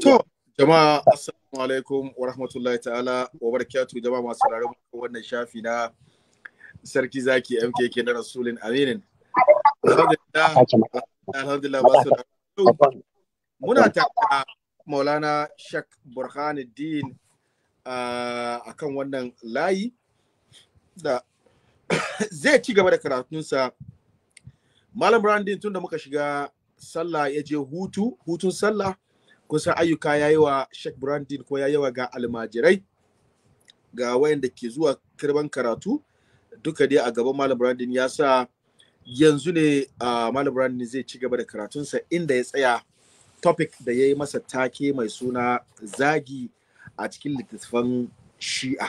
To, jama'a assalamu alaikum wa rahmatullahi ta'ala wa barakatuhu jama'a masu sauraron wannan shafi na sarki zaki MKK na Rasulin Aminin. Alhamdulillah muna taka Maulana Shak Burhanuddin a ah, kan wannan layi da zai ci gaba da karatunsa. Malam Brandin tun da muka shiga sallah ya je hutu, hutun sallah kun san ayyuka ya yi wa Sheikh Brandin ko ya yi wa ga almajirai ga wayanda ke zuwa karban karatu duka dai a gaban Malam Brandin ya sa yanzu ne uh, Malam Brandin zai ci gaba da karatunsa inda ya tsaya topic da ya yi masa take mai suna zagi a cikin littattafan shi'a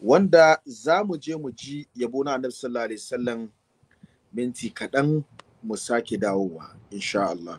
wanda za mu je mu ji yabo na annabi sallallahu alaihi minti kaɗan mu sake dawowa insha Allah.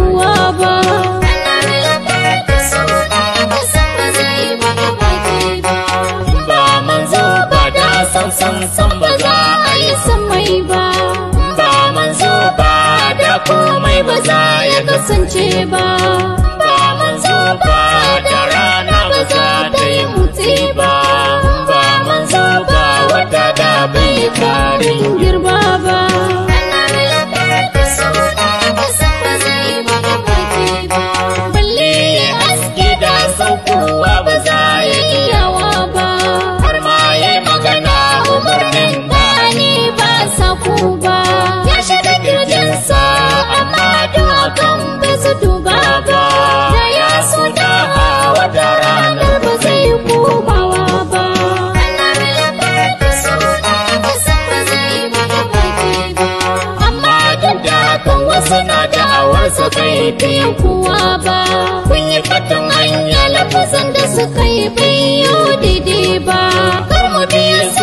san san san ba za a yi samai ba ba manzo ba da komai ba za ya kasance ba ba manzo ba da rana ba za ta yi mutse ba ba manzo ba wata da bai karin girma ba bibiyan kuwa ba kun yi fatan hanya lafazan da suka yi bayyo daidai ba kar mu biya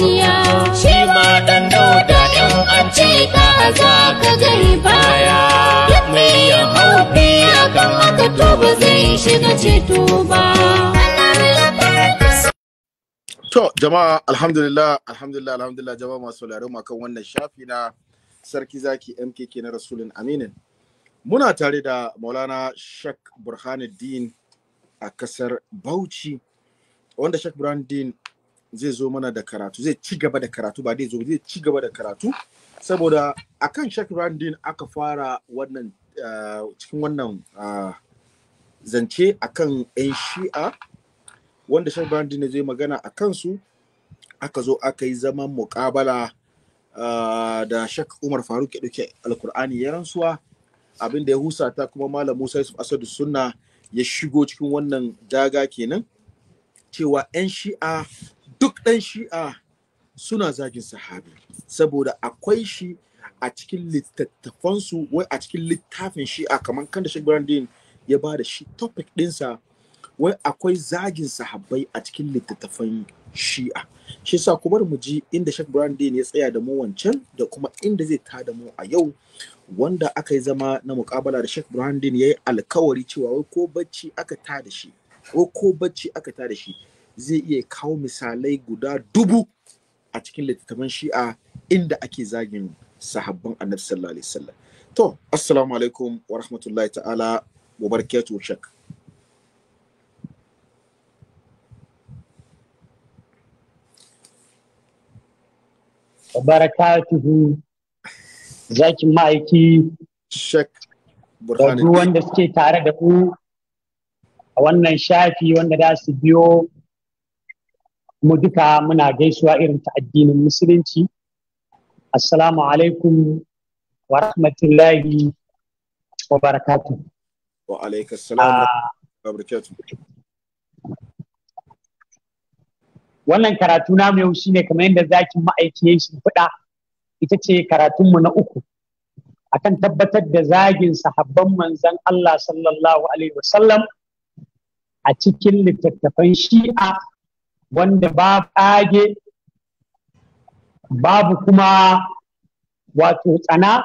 miya shi ma dan dauda in an ce ka za ka gani baya mai ya hau biya kan haka to ba zai shiga ceto ba To jama'a alhamdulillah alhamdulillah alhamdulillah jama'a masu sauraron akan wannan shafi na sarki zaki MKK na Rasulun Aminin. Muna tare da Maulana Shak Burhanuddin a kasar Bauchi wanda Shak Burhanuddin zai zo mana da karatu zai ci gaba da karatu ba zai zo zai ci gaba da karatu saboda akan Sheikh din aka fara wannan eh, cikin wannan ah, zance a kan 'yan shi'a wanda Sheikh din zai magana a kansu aka zo aka yi zaman muƙabala ah, da shak Umar Faruk ya dauke alkur'ani ya rantsuwa abin da ya husata kuma Malam Musa Yusuf Asadu Sunna ya shigo cikin wannan daga kenan cewa 'yan shi'a duk ɗan shi'a suna zagin sahabi saboda akwai shi a cikin littattafansu wai a cikin littafin shi'a kamar kan da shagbarandin ya ba da shi topic ɗinsa wai akwai zagin sahabbai a cikin littattafan shi'a shi sa kuma mu ji inda Sheikh Brandin ya tsaya da mu wancan da kuma inda zai ta da mu a yau wanda aka yi zama na mukabala da Sheikh Brandin ya yi alkawari cewa wai ko bacci aka ta da shi ko ko bacci aka ta da shi zai iya kawo misalai guda dubu a cikin littattafan shi'a inda ake zagin sahabban annabi sallallahu alaihi wasallam to assalamu alaikum wa rahmatullahi ta'ala wa barakatuh shak barakatuh zaki ma'aiki shak burhanuddin wanda suke tare da ku a wannan shafi wanda za su biyo Mu duka muna gaisuwa irin ta addinin musulunci assalamu alaikum wa rahmatullahi wa barakatu wa wa ah. wannan karatu na yau ne kamar yadda zakin ma'aiki ya shimfiɗa ita ce karatunmu na uku akan tabbatar da zagin sahabban manzan Allah sallallahu alaihi wasallam a cikin littattafan shi'a wanda ba ƙage babu kuma wato tsana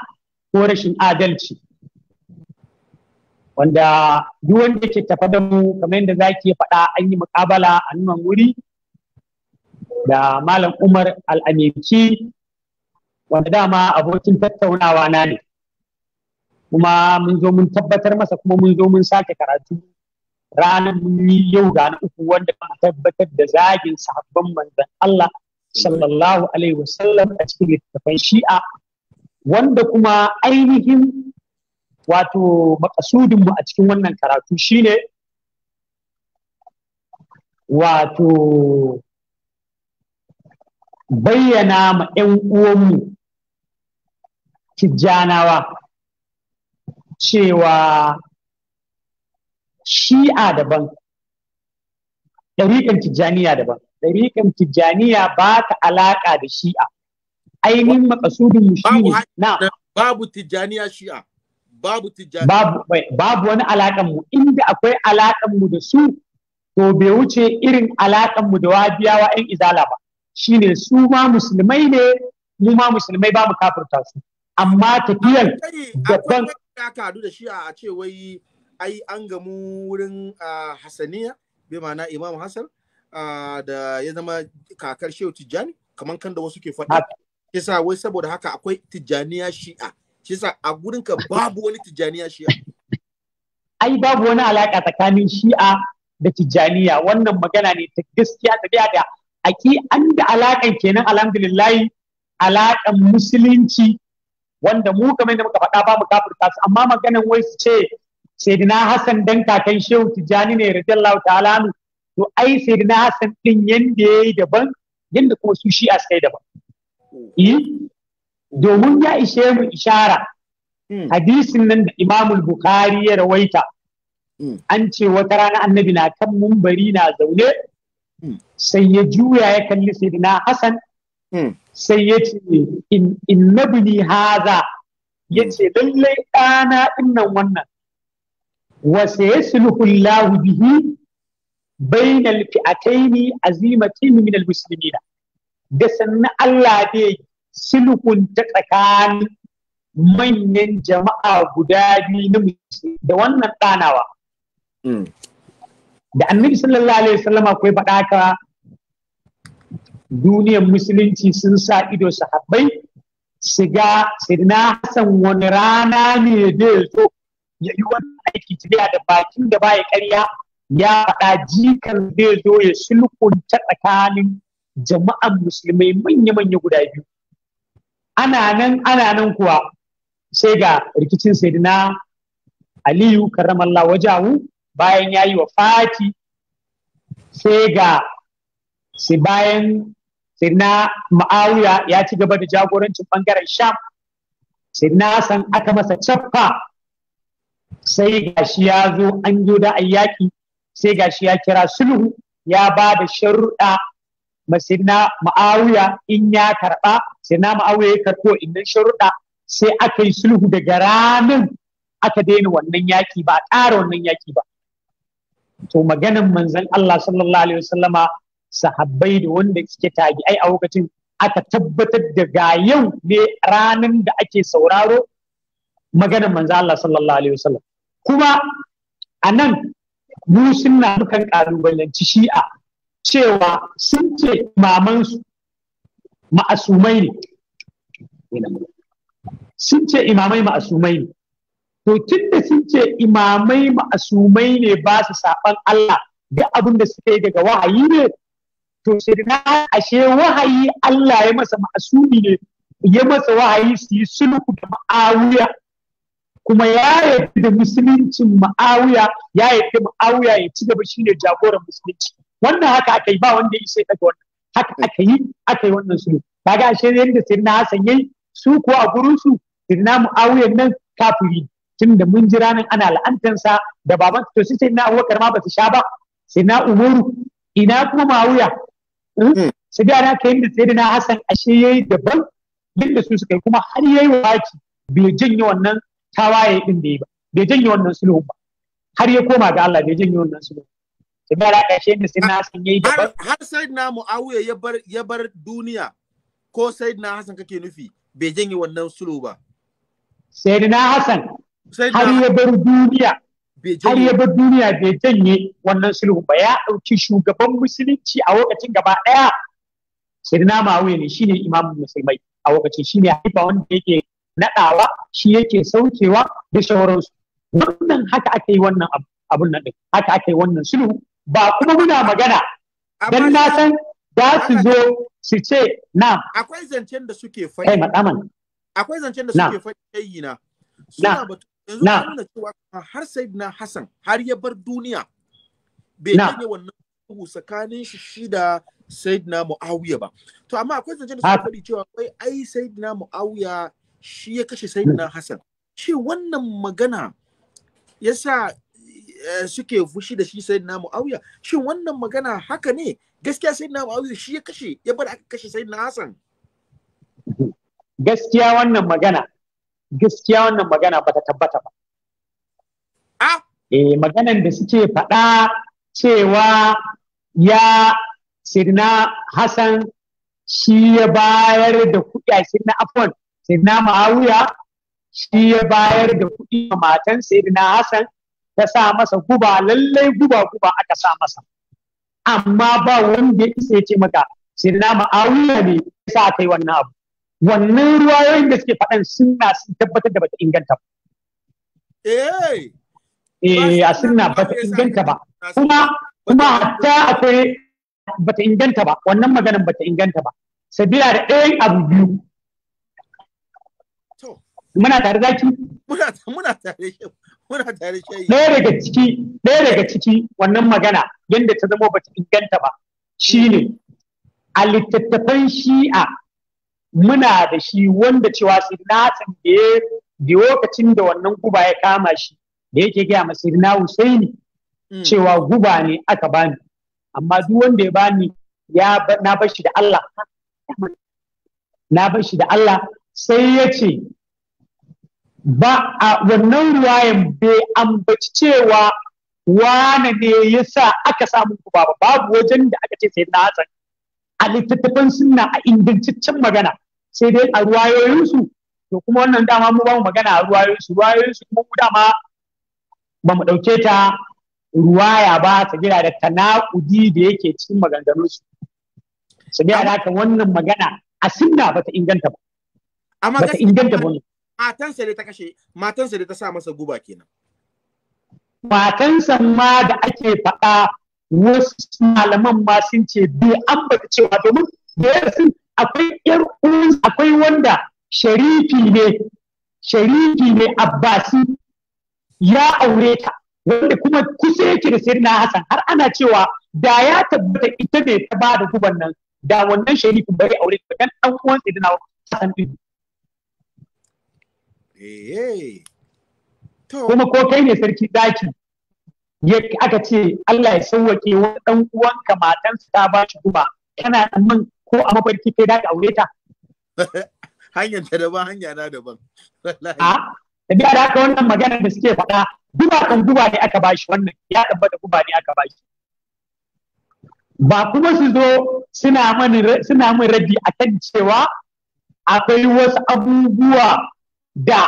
ko rashin adalci wanda duk wanda ke tafa da mu kamar yadda zaki ya faɗa an yi muƙabala a nan wuri da malam umar al'aminci wanda dama abokin tattaunawa na ne kuma mun zo mun tabbatar masa kuma mun zo mun sake karatu ranar yi yau ranar uku wanda ka tabbatar da zagin sahabban manzon Allah sallallahu alaihi wasallam a cikin littattafan shi'a wanda kuma ainihin wato mu a cikin wannan karatu shine wato bayyana ma 'yan uwanmu tijjanawa cewa shi'a daban ɗariƙan tijjaniya daban ɗariƙan tijjaniya ba ta alaƙa da shi'a ainihin makasudin shi na babu tijjaniya shi'a babu tijjaniya babu babu wani alaƙan mu inda akwai alaƙan mu da su to bai wuce irin alaƙan mu da wabiyawa ƴan izala ba shine su ma musulmai ne mu ma musulmai ba mu kafirta su amma tafiyan daban kadu da shi'a a ce wai ai an gamu wurin Hassaniya bai ma'ana Imam Hassan da ya zama kakar Shehu Tijjani kamar kan da wasu ke faɗi. Kisa wai saboda haka akwai Tijjaniya Shi'a. Kisa a gurin ka babu wani Tijjaniya Shi'a. Ai babu wani alaƙa tsakanin Shi'a da Tijjaniya wannan magana ne ta gaskiya ta da aki an da alaƙan kenan alhamdulillahi alaƙan musulunci wanda mu kamar da muka faɗa ba mu kafirta su amma maganan wai su ce sayyidina Hassan dan kakan Shehu Tijjani ne radiyallahu ta'ala nu to ai sayyidina Hassan din yanda yayi daban yanda kuma su shi askai daban eh domin ya ishe mu ishara hmm. hadisin nan da Imam Bukhari ya rawaita hmm. an ce wata rana annabi na kan mumbari na zaune hmm. sai ya juya ya kalli sayyidina Hassan sai ya ce in nabi haza ya ce lallai ɗana ɗinnan wannan wa sayasluhu Allahu bihi bainal fi'ataini azimatin min almuslimina da sannan Allah ne sulhun ta tsakanin manyan jama'a guda biyu na musulmi wannan ɗanawa. Da annabi sallallahu alaihi wasallama akwai baɗaka. ka duniyar musulunci sun sa ido sahabbai su ga Hassan wani rana ne da ya zo ya yi wani aiki tafiya da bakin da baya karya ya faɗa jikan zai zo ya sulkunta tsakanin jama'an musulmai manya-manya guda biyu ana nan ana nan kuwa sai ga rikicin saidina aliyu karramallah wajahu bayan ya yi wa fati sai ga sai bayan saidina ma'awiya ya ci gaba da jagorancin bangaren sham saidina san aka masa cappa sai gashi ya zo an yi da ayyaki sai gashi ya kira sulhu ya ba da sharuɗa masina ma'awiya in ya karɓa na ma'awiya ya karɓo innan sharuɗa sai aka yi sulhu daga ranar aka daina wannan yaki ba a ƙara wannan yaki ba to maganin manzon Allah sallallahu alaihi wasallama sahabbai da wanda suke tagi ai a lokacin aka tabbatar da ga yau ne ranar da ake sauraro maganin manzon Allah sallallahu alaihi wasallam kuma a nan mu suna mukan ƙalubalanci shi'a cewa sun ce imamansu ma'asumai ne sun ce imamai ma'asumai ne to tun da sun ce imamai ma'asumai ne ba su saɓan Allah duk abin da suke daga wahayi ne to na ashe wahayi Allah ya masa ma'asumi ne ya masa wahayi su yi sulhu da ma'awiya kuma ya yarda da musuluncin ma'awiya ya yarda ma'awiya ya ci gaba shine jagoran musulunci wannan haka aka yi ba wanda ya isa daga wannan haka aka yi aka yi wannan sulhu kaga ashe yadda sirna hasan yayi su kuwa a gurin su sirna mu'awiyan nan kafiri tunda mun ji ranar ana la'antansa da baban to su sirna abubakar ma ba su sha ba sirna umaru ina kuma ma'awiya hmm? hmm. su ga na kai da sirna hasan ashe yayi daban yadda su suka yi kuma har yayi waki bai janye wannan tawaye din da yi ba bai janye wannan sulhu ba har ya koma ga Allah bai janye wannan sulhu sai ba da shi ne sai na san yayi da har sai na Muawiya ya bar ya bar duniya ko sai na Hassan kake nufi bai janye wannan sulhu ba sai na Hassan har ya bar duniya har ya bar duniya bai janye wannan sulhu ba ya dauki shugaban musulunci a lokacin gaba daya sai na Muawiya ne shine imamin musulmai a lokacin shine haifa wanda yake naɗawa shi yake saukewa da shawararsu wannan haka aka yi wannan abun nan ɗin haka aka yi wannan sulhu ba kuma muna magana don na san za su zo su ce na akwai zancen da suke fai eh akwai zancen da suke fai yayi na suna batu yanzu nuna cewa har sayyidina Hassan har ya bar duniya bai gane wannan sulhu tsakanin shi shi da sayyidina Muawiya ba to amma akwai zancen da suka faɗi cewa akwai ai sayyidina Muawiya shi ya kashe sayyidina Hassan shi wannan magana yasa eh, suke fushi da shi sayyidina Muawiya shi wannan magana haka ne gaskiya sayyidina Muawiya shi ya kashe ya bar aka kashe sayyidina Hassan gaskiya wannan magana gaskiya wannan magana bata tabbata ba a eh maganan da suke faɗa cewa ya Sirna Hassan shi ya bayar da kuɗi a na afwan sayyidina ma'awiya shi ya bayar da kuɗi ga matan sayyidina hassan ta sa masa guba lallai guba guba aka sa masa amma ba wanda isa ya ce maka sayyidina ma'awiya ne ya sa kai wannan abu wannan ruwayoyin da suke faɗan suna sun tabbatar da bata inganta ba eh eh a suna bata inganta ba kuma kuma hatta akwai bata inganta ba wannan maganan bata inganta ba sabila da ɗayan abu biyu muna tare zaki muna muna tare muna tare shayi ɗaya daga ciki ɗaya daga ciki wannan magana yanda ta zama bata inganta ba shine a littattafan shi'a muna da shi wanda cewa na tambaye da lokacin da wannan guba ya kama shi da yake gaya ma sirna husaini mm. cewa guba ne aka bani amma duk wanda ya bani ya na bashi da Allah na bashi da Allah sai ya ce ba a wannan ruwayan bai ambaci cewa wane ne ya sa aka samu ku ba babu wajen da aka ce sai na hasan a littattafan suna a ingantaccen magana sai dai a ruwayoyinsu to kuma wannan dama mu ba mu magana a ruwayoyinsu ruwayoyinsu kuma mu dama ba mu ɗauke ta ruwaya ba ta gida da tanakudi da yake cikin maganganunsu Sai dai a wannan magana a sunna ba ta inganta ba. ba ta inganta ba ne. matansa da ta kashe matansa da ta sa masa guba kenan matansa ma da ake faɗa wasu malaman ma sun ce an ambata cewa domin da sun akwai yar akwai wanda sharifi ne sharifi ne abbasi ya aure ta wanda kuma kusa yake da sirna hassan har ana cewa da ya tabbata ita ne ta bada da guban nan da wannan sharifin bai aure ta kan dan uwan sai dana hassan din Eh, kuma ko kai ne sarki ya aka ce Allah ya sauwake wa dan uwanka matansa ta ba shi guba kana nan ko a mafarki kai da aure ta hanyar ta daban hanya na daban a ah, da da haka wannan magana da suke faɗa guba kan guba ne aka bashi wannan ya da guba ne aka bashi ba kuma su zo suna min suna min rabi akan cewa akwai wasu abubuwa da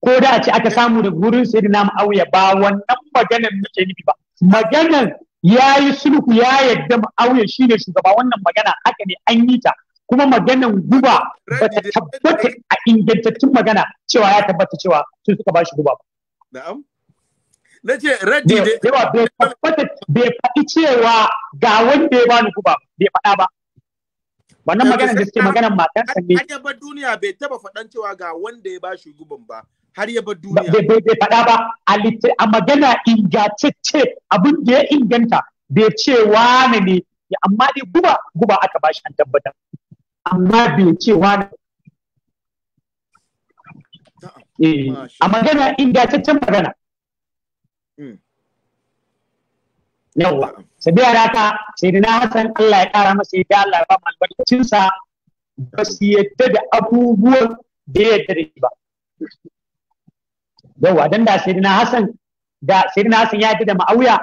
ko da ce aka samu da gurin na ma'auya ba wannan maganar muke nufi ba maganar ya yi sulhu ya yadda shi ne shugaba wannan magana haka ne an yi ta kuma maganan guba ba ta tabbata a ingantattun magana cewa ya tabbata cewa sun suka ba shi guba ba na'am na ce raddi bai faɗi cewa ga wanda ya bani guba bai faɗa ba wannan magana da suke maganar matar sanne har ya bar duniya bai taba fadan cewa ga wanda ya bashi shi guban ba har ya bar duniya bai bai fada ba a a magana ingantacce abin da ya inganta bai ce wani ne amma dai guba guba aka bashi an tabbatar amma bai ce wani eh, a magana ingantaccen magana hmm. yawa sabiya da sai sayyidina hasan Allah ya kara masa yadda Allah ya ba mu albarkacin sa ba su yadda da abubuwan da ya yadda da ba yawa dan da sayyidina hasan da hasan ya yadda da ma'auya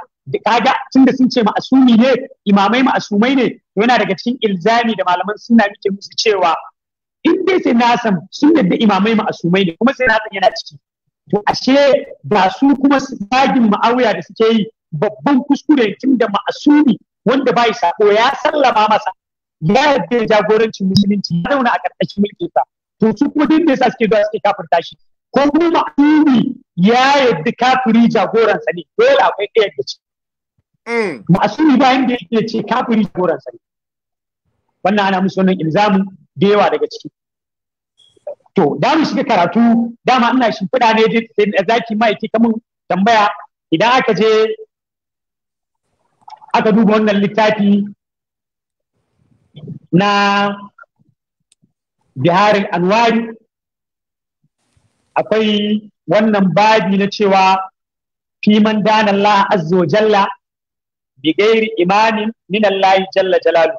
kaga da sun ce ma'asumi ne imamai ma'asumai ne yana daga cikin ilzami da malaman suna muke musu cewa in dai sai na san sun yadda imamai ma'asumai ne kuma sai na san yana ciki to ashe ba su kuma zagin ma'auya da suke yi babban kuskure tun da ma'asumi wanda bai sako ya sallama masa ya yadda ya jagorancin musulunci ya zauna a ƙarƙashin mulki sa to su kuma duk da yasa suke zuwa suke kafirta shi ko kuma ma'asumi ya yadda kafiri jagoransa ne dole akwai ɗaya da ci mm. ma'asumi bayan da yake ce kafiri jagoransa ne wannan ana musu wannan ilzamin da yawa daga ciki to da mu shiga karatu dama ina shimfiɗa ne zaki ma ke kamun tambaya idan aka je aka duba wannan littafi na biharin anwari akwai wannan babi na cewa fiman dana Allah azza wa jalla bi gairi imanin min Allah jalla jalalu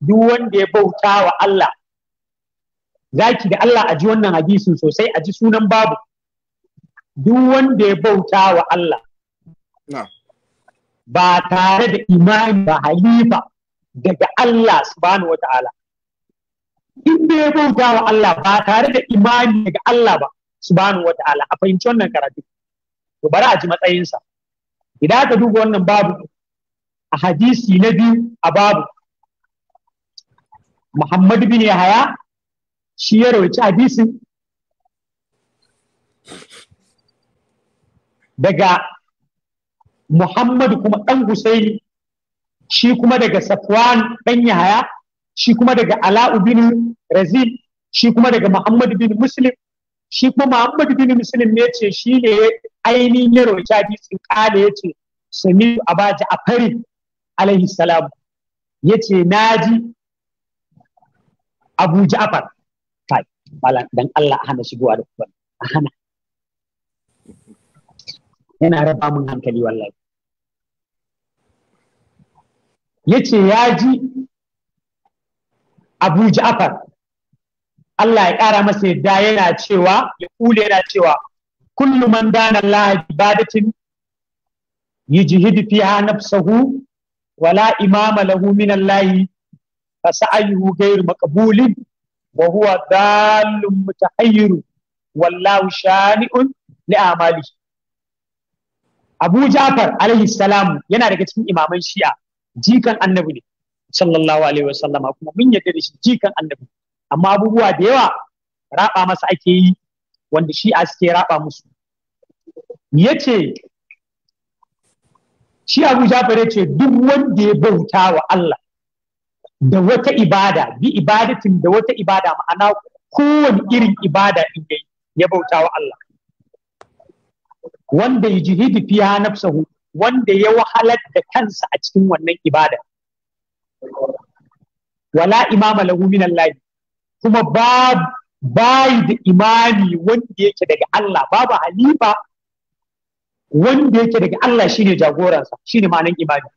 duk wanda ya bauta wa Allah zaki da Allah a ji wannan hadisin sosai a ji sunan babu duk wanda ya bauta wa Allah ba tare da imani ba halifa daga Allah subhanahu wata'ala in da ya bauta wa Allah ba tare da imani daga Allah ba subhanahu wata'ala a fahimci wannan karatu to bari a ji matsayinsa idan aka duba wannan babu a hadisi na biyu a babu Muhammad bin Yahaya shi ya rawaci hadisin daga Muhammadu kuma ɗan Husaini shi kuma daga Safwan ɗan Yahaya shi kuma daga Ala'u bin Razil shi kuma daga Muhammadu bin Muslim shi kuma Muhammadu bin Muslim ne ce shi ne ainihin ya jaji sun ƙala ya ce Sami a farin alaihi salam ya ce naji Abu Ja'far kai dan Allah a hana shigowa da kuma a hana yana raba min hankali wallahi yace ya ji Abu Ja'far Allah ya ƙara masa yadda yana cewa ya kule yana cewa kullu man dana Allah ibadatin yujhidu fiha nafsahu wala imama lahu min Allah fa sa'ayuhu ghayru maqbulin wa huwa dallun mutahayyir wallahu shani'un li amalihi Abu Ja'far alaihi salam yana daga cikin imaman Shi'a jikan annabi ne sallallahu alaihi sallama. kuma mun yarda da shi jikan annabi amma abubuwa da yawa raba masa ake yi wanda Shi'a suke raba musu yace shi Abu Ja'far yace duk wanda ya bauta wa Allah da wata ibada bi ibadatin da wata ibada ma'ana kowane irin ibada in yayi ya bauta wa Allah wanda ya yujhidu fiha nafsahu wanda ya wahalar da kansa a cikin wannan ibada wala imama lahu min Allah kuma ba bayi da imani wanda yake daga Allah babu halifa wanda yake daga Allah shine jagoransa shine ma'anan imani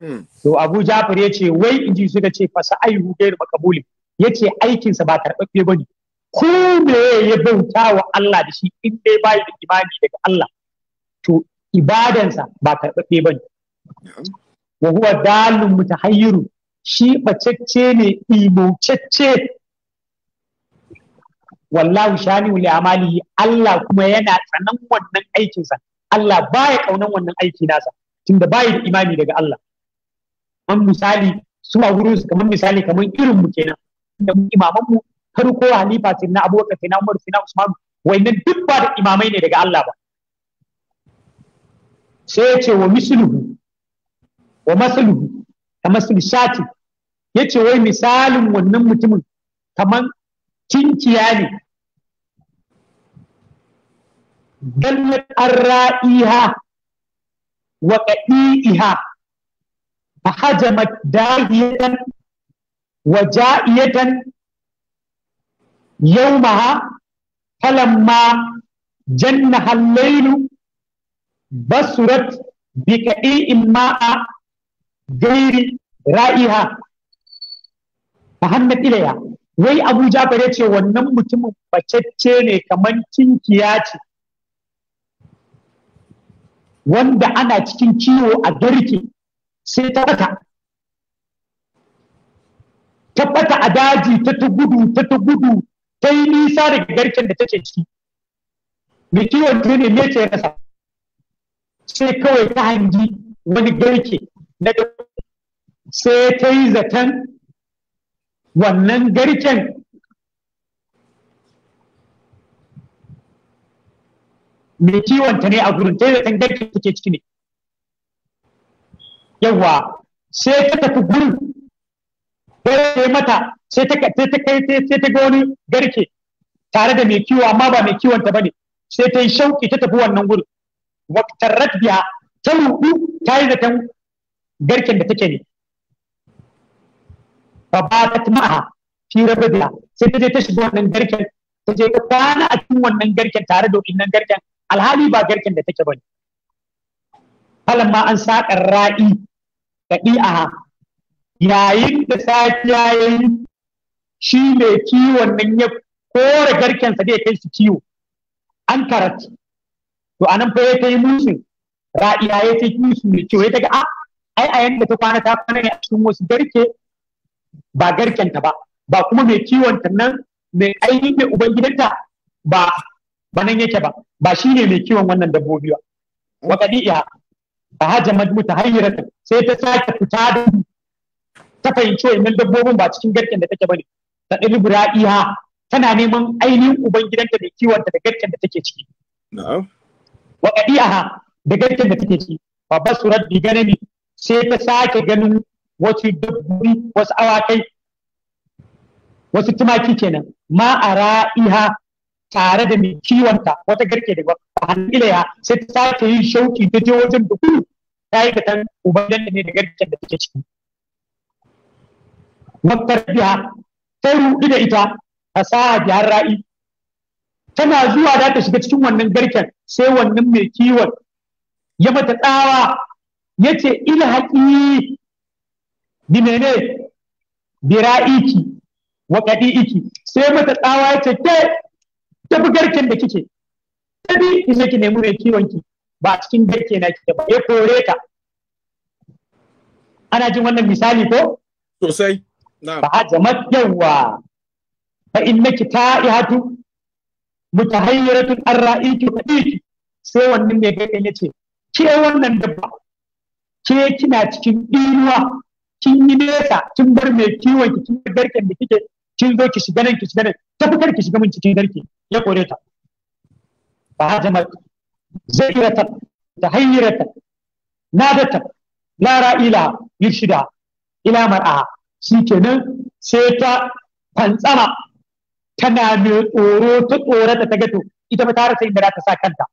hmm. to Abu Jafar yace wai inji suka ce fa sa'ayhu gairu makabuli yace aikin sa ba karɓaɓɓe bane ko me ya bauta wa Allah da shi in dai bayi da imani daga Allah to ibadansa ba karɓaɓɓe ba ne wa huwa ta mutahayyiru shi bacecce ne imocecce wallahu shani wuli amali Allah kuma yana tsanan wannan aikinsa Allah baya ƙaunan wannan aiki nasa tunda ba da imani daga Allah kamar misali suna wurin su kamar misali kamar irin mu kenan da mu imaman mu farko halifa sai na Abubakar sai Umar sai na Usman nan duk ba da imamai ne daga Allah ba sai ya ce wa misluhu wa kamar ya ce wai misalin wannan mutumin kamar kinkiya ne gannat arra'iha wa qadi'iha fahajamat dahiyatan wa ja'iyatan yawmaha falamma jannaha al basurat bi kaɗi'in ma'a gairi ra'iha hannan Ilaya wai Abu Jafar ya ce wannan mutumin bacacce ne kamar kinkiya ce wanda ana cikin kiwo a garke sai ta bata ta bata a daji ta ta gudu ta ta gudu ta yi nisa daga garken da take ciki mai kiwon ne me ce rasa sai kawai ta hangi wani garke na sai ta yi zaton wannan garken mai kiwonta ne a gurin ta yi zaton garken ke ciki ne yawa sai ta tafi gurin gare mata sai ta kai sai ta ga wani garke tare da mai kiwo amma ba mai kiwonta ba ne sai ta yi shauki ta tafi wannan gurin waktarrat biya ta rudu ta yi zaton garken da take ne fa batat ma'a fi rabbiha sai ta je ta shiga wannan garken ta je kwana a cikin wannan garken tare da wannan garken alhali ba garken da take ba falamma an saƙa ra'i ɗabi'a yayin da safiya yayi shi mai kiwon nan ya kore garkensa da ya kai su kiwo an karatu. to a nan fa ya ta yi musu ra'iya ya ta yi musu mai kyau ya ta ga a ah, ai a yanda ta kwana ta kwana ne a cikin wasu garke ba garkenta ba ba kuma mai kiwon ta nan mai ainihin mai ubangidanta ba ba nan yake ba ba shine mai kiwon wannan dabbobi ba wa kadiya a hajja majmuta ta, sai ta sake fita da ta fahimci wannan dabbobin ba cikin garken da take bane ta ɗalibu iya tana neman ainihin ubangidanta mai kiwon ta da garken da take ciki wa qadi'aha da garken da take ci fa basurat bi ganami sai ta sake ganin wasu dabbobi wasu awakai wasu tumaki kenan ma a ra'iha tare da mai kiwonta wata garke da ba hannun ya sai ta sake yin shauki ta je wajen duku ta yi katan ubangan da ne da garken da take ciki wakar biya ta ruɗi da ita a sa'a biyar ra'i tana zuwa da ta shiga cikin wannan garken sai wannan mai kiwon ya mata tsawa ya ce ilhaƙi bi mene bira'iki wa iki sai mata tsawa ya ce ke fi garken da kike bi ina ki nemi mai kiwon ki ba a cikin garke na kike ba ya kore ka. ana jin wannan misali ko sosai na ba jama'a yawa fa innaki ta'ihatu mutahayyaratun an ra'iki fadiki sai wannan mai gaɗin ya ce ke wannan dabba ke kina cikin inuwa kin yi nesa kin bar mai kiwon ki kin garken da kike kin zo ki shiga nan ki shiga nan ta fitar ki shiga min cikin garke ya kore ta fa hajamat zairata tahayyirata nadata la ra'ila yurshida ila mar'a shikenan sai ta fantsama tana mai tsoro ta tsora ta gato. ita ba ta rasa inda za ta sa kanta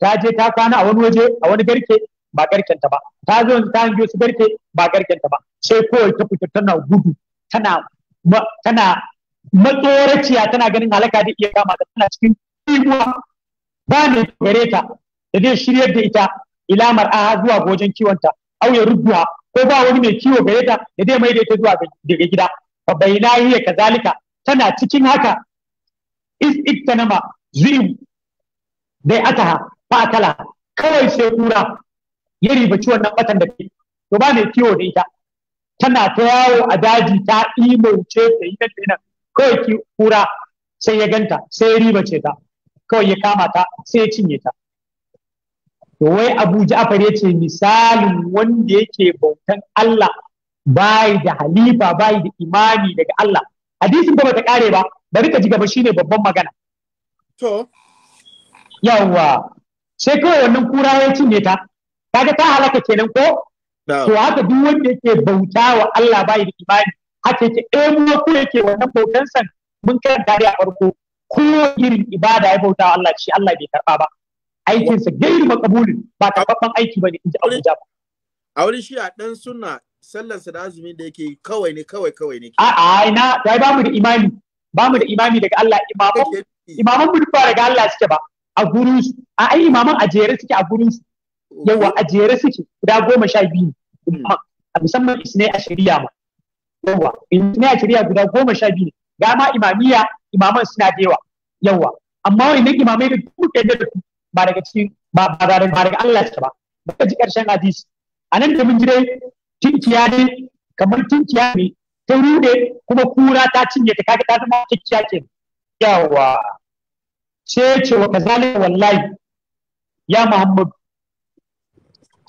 ta je ta kwana a wani waje a wani garke ba garken ta ba ta zo ta hange su garke ba garken ta ba sai kowai ta fita tana gudu tana tana matsoraciya tana ganin halaka da iya kama ta tana cikin kiwa ba ne gare ta da zai shiryar da ita ilamar a zuwa gojen kiwon ta. auye rubuwa ko ba wani mai kiwo gare ta da zai maida ita zuwa daga gida fa bayna hiya kazalika tana cikin haka is ittanama zu'im dai ataha fatala kawai sai kura ya ribaci wannan batan da ke to ba ne kiwo da ita tana ta yawo a daji ta imauce ta yi nan kawai ki kura sai ya ganta sai ya ribace ta kawai ya kama ta sai ya cinye ta to wai Abu Ja'far ya ce misalin wanda yake bautan Allah bai da halifa bai da imani daga Allah hadisin ba ta kare ba bari ka ji gaba shine babban magana to yawwa sai kawai wannan kura ya cinye ta kaga ta halaka kenan ko to haka duk wanda yake bauta wa Allah bai da imani haka yake eh, mu ko yake wannan bautan san mun karanta dariya a farko ko irin ibada ya bauta Allah shi Allah bai karba ba aikinsa gairu makabulin ba karɓaɓɓen aiki ba ne in ji Abuja ba. A wurin shi a ɗan suna sallansa da azumin da yake kawai ne kawai kawai ne a'a ina dai ba mu da imani. ba mu da imani daga Allah imaman imaman mu ba daga Allah suke ba a gurin su a ai imaman a jere suke a gurin su yawa a jere suke guda goma sha biyu hmm. a musamman isne a shari'a ma yawa isne a shari'a guda goma sha biyu ga ma imamiya imaman suna da yawa yawa amma wani wannan imamai da duk da da ba daga cikin ba ba daga Allah suke ba ba ji karshen hadisi anan da mun ji dai tinkiya ne kamar tinkiya ne ta rude kuma kura ta cinye ta kaga ta zama tinkiya ke yawa sai ce wa kazali wallahi ya muhammad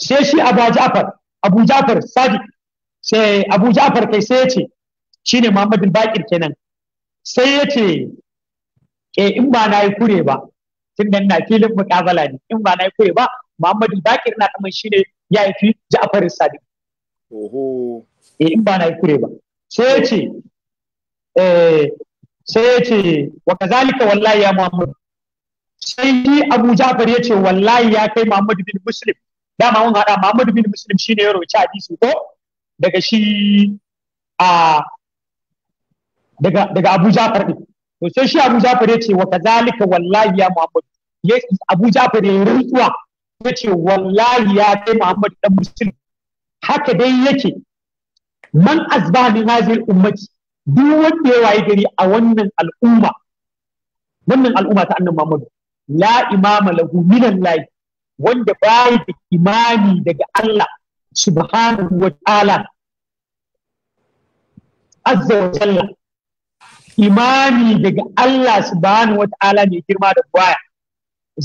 sai shi abu ja'far abu ja'far sadi sai abu ja'far kai sai ya ce shine muhammadin bakir kenan sai ya ce ke in ba na yi kure ba tun da ina filin mukabala ne in ba na yi kure ba muhammadin bakir na kamar shine ya yi fi ja'far sadiq Oho. Eh, in ba na kure ba. Sai ya ce, eh, sai ya ce, wa kazalika wallahi ya Muhammad. Sai shi Abu Ja'far ya ce wallahi ya kai Muhammad bin Muslim. Dama mun haɗa Muhammad bin Muslim shine ya roci hadisi ko daga shi a daga daga Abu Ja'far din. To sai shi Abu Ja'far ya ce wa kazalika wallahi ya Muhammad. Abu Ja'far ya rantsuwa ya ce wallahi ya kai Muhammad dan Muslim. haka dai yake man azba min hazil ummati duk wanda ya waye gari a wannan al'umma wannan al'umma ta annabi Muhammadu, la imama lahu minallahi wanda bai da imani daga Allah subhanahu wa ta'ala azza wa jalla imani daga Allah subhanahu wa ta'ala ne girma da baya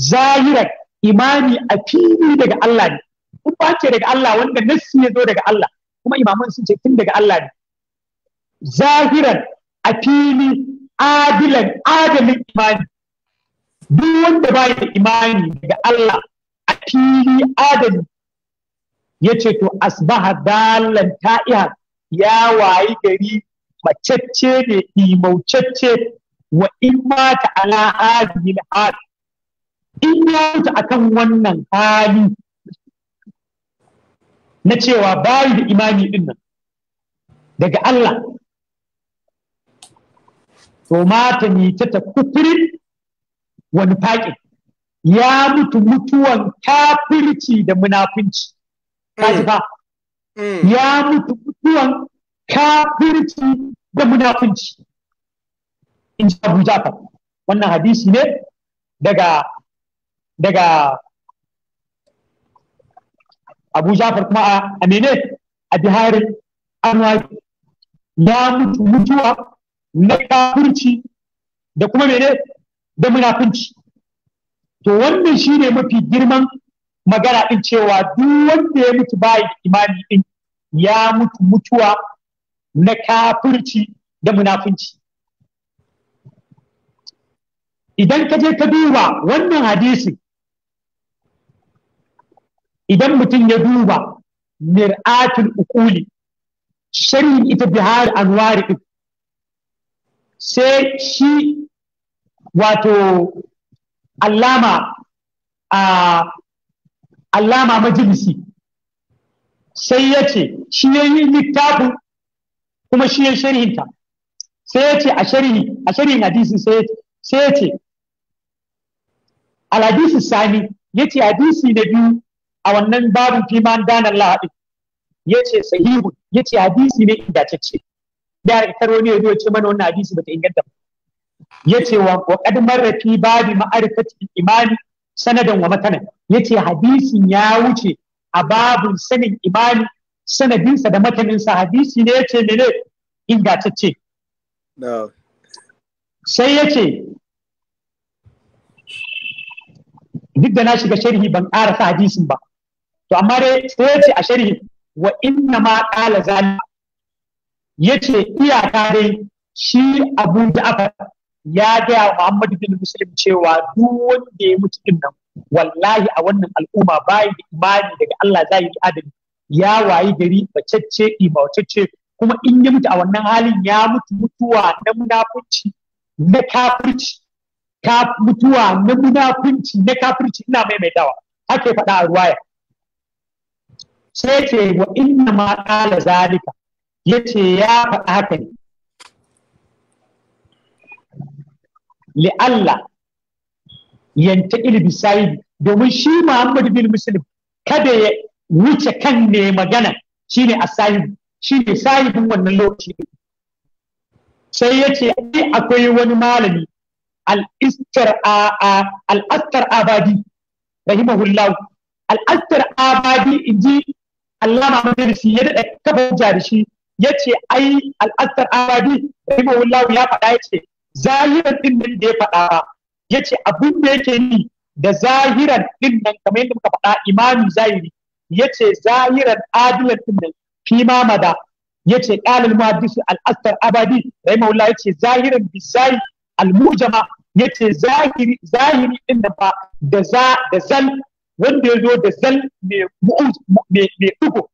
zahirar imani a fili daga Allah ne uwa ce daga Allah wanda nassi ya zo daga Allah kuma imaman sun ce tun daga Allah ne zahiran a fili adilan adalin imani duk wanda ba da imani daga Allah a fili adali ya to asbaha dalan ta'iha ya wayi gari macecce ne imaucecce wa in mata ala hadhihi al in ya akan wannan hali na cewa bayu da imami din nan daga Allah to mata ni ta kufuri wani faƙi ya mutu mutuwan kafirci da munafunci ba mm. ya mutu mutuwan kafirci da munafunci in ji Abu wannan hadisi ne daga daga Abuja jafar kuma a mene a biharin anwari ya mutu mutuwa na kafirci da kuma mene da munafunci to wannan ne mafi girman magana din cewa duk wanda ya mutu bayan imani din ya mutu mutuwa na kafirci da munafinci idan ka je ka duba wannan hadisin. idan mutum ya duba mir'atul ukuli, sharhin ita bihar anwari ɗin, sai shi wato allama a allama majalisi sai ya ce shi ya yi littafin kuma shi ya sharhinta sai ya ce a sharhi a sharhin hadisin sai ya ce al hadisi sani ya ce hadisi na biyu a wannan babin fiman danar lahadi ya ce sahihu ya ce hadisi ne ingantacce da ya taro ne ya ce mana wannan hadisi bata inganta ba ya ce wa qad marra fi babi ma'arifati imani sanadan wa matanan ya ce hadisin ya wuce a babin sanin imani sanadinsa da mataninsa hadisi ne ya ce mene ingantacce sai ya ce duk da na shiga sharhi ban ƙarasa hadisin ba to amma dai sai ya ce a sharhin wa inna ma qala zalim ce iyaka dai shi Abu Ja'far ya gaya Muhammadu bin Muslim cewa duk wanda ya mutu din nan wallahi a wannan al'umma bai da imani daga Allah zai yi adali ya wayi gari bacecce imaucecce kuma in ya mutu a wannan halin ya mutu mutuwa na munafunci na kafirci mutuwa na munafunci na kafirci ina maimaitawa ake faɗa a ruwaya sai ce wa inna ma qala zalika yace ya faɗa haka ne li'alla yanta ilbi sai domin shi Muhammad bin Muslim kada ya wuce kan ne magana shine shi ne sahibin wannan lokaci sai yace ai akwai wani malami al-astar abadi rahimahullahu al abadi inji allama madarisi ya daɗa kafa hujja da shi ya ce ai al'asar arabi rahimahullahu ya faɗa ya ce zahiran ɗin nan da ya faɗa ya ce abin da yake ni da zahiran ɗin nan kamar yadda muka faɗa imami zahiri ya ce zahiran adilan ɗin nan fi mamada ya ce ƙalil muhaddisi al'asar abadi rahimahullahu ya ce zahiran bisai al-mujama ya ce zahiri ɗin nan ba da zal wanda ya zo da zal mai ɗigo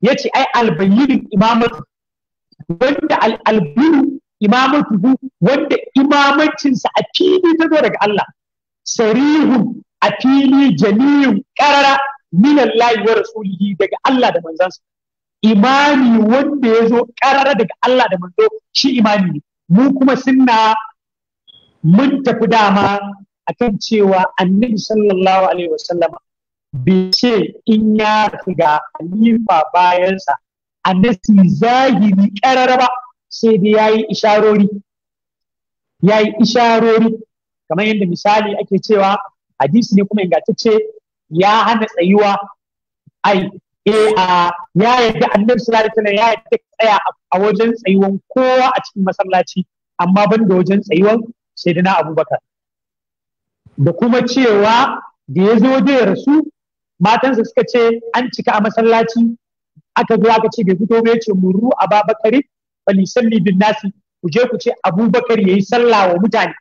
ya ce ai albayirin imamatu wanda albiru imamatu wanda imamancinsa a fili ta zo daga Allah sarihun a fili jami'in ƙarara minan layuwar rasulihi daga Allah da manzansa imani wanda ya zo ƙarara daga Allah da manzo shi imani ne mu kuma sunna mun tafi dama akan cewa annabi sallallahu alaihi wasallam bai ce in ya riga halifa bayansa a nasi zahiri ƙarara ba sai dai yayi yi isharori ya isharori kamar yadda misali ake cewa hadisi ne kuma ingantacce ya hana tsayuwa ai eh a ya yadda annabi sallallahu alaihi wasallam ya yadda tsaya a wajen tsayuwan kowa a cikin masallaci amma ban da wajen tsayuwan sayyidina abubakar da kuma cewa da ya zo da ya rasu matansa suka ce an cika a masallaci aka zo aka ce bai fito bai ce murru a babakari falisalli bin nasi ku je ku ce abubakar ya yi sallah wa mutane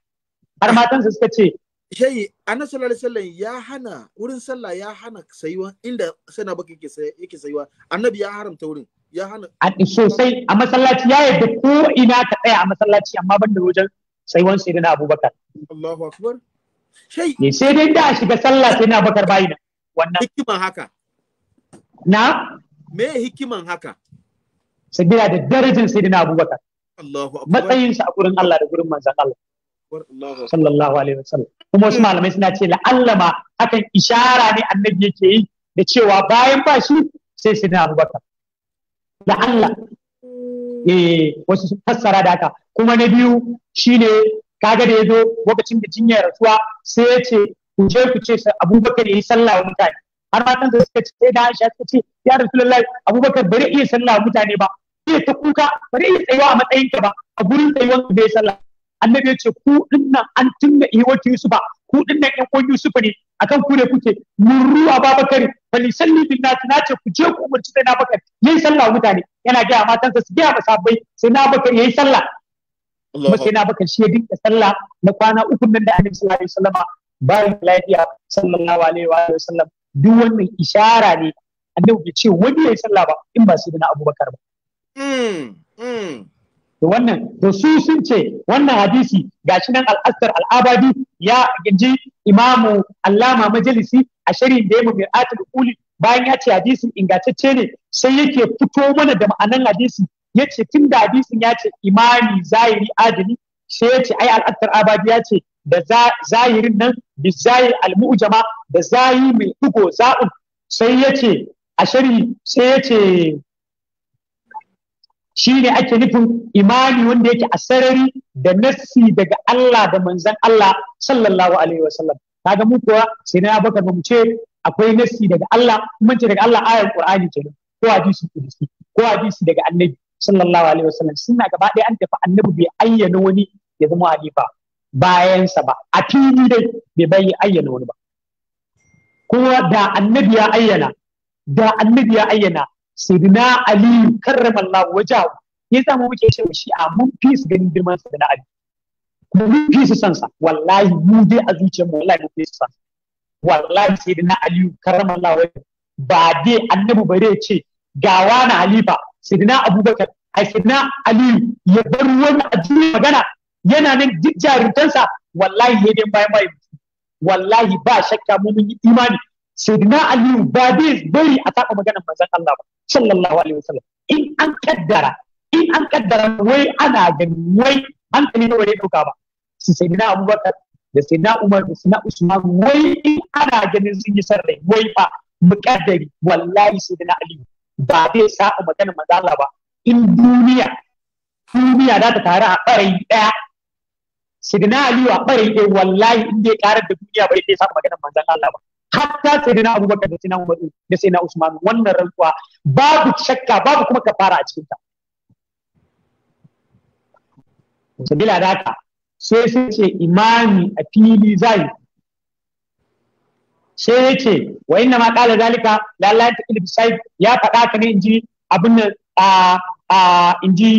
har matansa suka ce shayi annabi sallallahu alaihi ya hana wurin sallah ya hana sayuwa inda sai na baka yake sayuwa annabi ya haramta wurin ya hana a sosai a masallaci ya yadda ko ina ka tsaya a masallaci amma ban da wajen sayuwan sayyidina abubakar Allahu akbar ne sai dai da shiga sallah sai na bakar bayina wannan hikiman haka na me hikiman haka sabila da darajar sai na abubakar matsayinsa a gurin Allah da gurin manzan Allah sallallahu alaihi wasallam kuma wasu malamai suna ce la'allama hakan ishara ne annabi yake yi da cewa bayan ba shi sai sai na abubakar la'alla eh wasu sun fassara da haka kuma na biyu shine kaga da ya zo lokacin da jinya ya rasuwa sai ya ce ku je ku ce abubakar ya yi sallah wa mutane har ma kansa suka ce sai da aisha suka ce ya rasulullahi abubakar bari iya sallah wa mutane ba zai ta kuka bari iya tsayuwa a matsayinka ba a gurin tsayuwan bai sallah annabi ya ce ku dinnan an tunna ihwatu yusufa ku dinnan yan uwan yusufa ne akan ku ne kuke ruwa babakari bali salli bin nasi na ce ku je ku umarci sai na bakar yayi sallah mutane yana ga matansa su ga masabai sai na bakar yayi sallah kuma sai na baka shi dinka sallah na kwana uku nan da annabi sallallahu alaihi wasallam bayan lafiya sallallahu alaihi wa sallam duk wannan ishara ne annabi bai ce wani ya sallah ba in ba sai na abubakar ba Da hmm, hmm. wannan da su sun ce wannan hadisi gashi nan al-asr al-abadi ya ji imamu allama majalisi a shirin da ya mu bi'atul uli bayan ya ce hadisin ingantacce ne sai yake fito mana da ma'anan hadisi ya ce tun da hadisin ya ce imani zahiri adali sai ya ce ai al'adar abadi ya ce da zahirin nan bi zahir al-mu'jama da zahi mai dugo za'un sai ya ce a shari sai ya ce shi ne ake nufin imani wanda yake a sarari da nassi daga Allah da manzan Allah sallallahu alaihi wasallam kaga mu kuwa sai na baka ba mu ce akwai nassi daga Allah kuma ce daga Allah ayar Qur'ani kenan ko hadisi ko hadisi daga annabi sallallahu alaihi wasallam sunna gaba ɗaya an tafi annabi bai ayyana wani ya zama halifa bayansa ba a fili dai bai bayyana ayyana wani ba kuma da annabi ya ayyana da annabi ya ayyana sayyidina ali karramallahu wajahu ya samu muke cewa shi a mun fi su ganin girman da ali kuma mun fi su sansa wallahi mu dai a zuciyarmu wallahi mun fi su sansa wallahi sayyidina ali karramallahu wajahu ba dai annabi bare ce ga wani halifa sidina abubakar a sidina aliyu ya bar wani addini magana yana nan duk jarumtansa wallahi ya dai bayan bayan wallahi ba shakka mu mun yi imani sidina aliyu ba dai bari a taɓa magana manzon Allah ba sallallahu alaihi wasallam in an kaddara in an kaddara wai ana gani wai hankali ne wai dauka ba su sidina abubakar da sidina umar da sidina usman wai in ana ganin sun yi sarrai wai ba mu kaddari wallahi sidina aliyu ba zai saba maganin manzo ba in duniya duniya za ta taru a ɓarayi ɗaya sidina aliyu a ɓarayi ɗaya wallahi in dai ƙarar da duniya ba zai saba maganin manzon Allah ba hatta sidina abubakar da sidina umaru da sina usman wannan rantsuwa babu shakka babu kuma kafara a cikinta sabila da haka sai sai ce imami a fili zai sai ya ce wa inna ma qala zalika la la taqil bisayf ya faɗa ka ne inji abin nan a a inji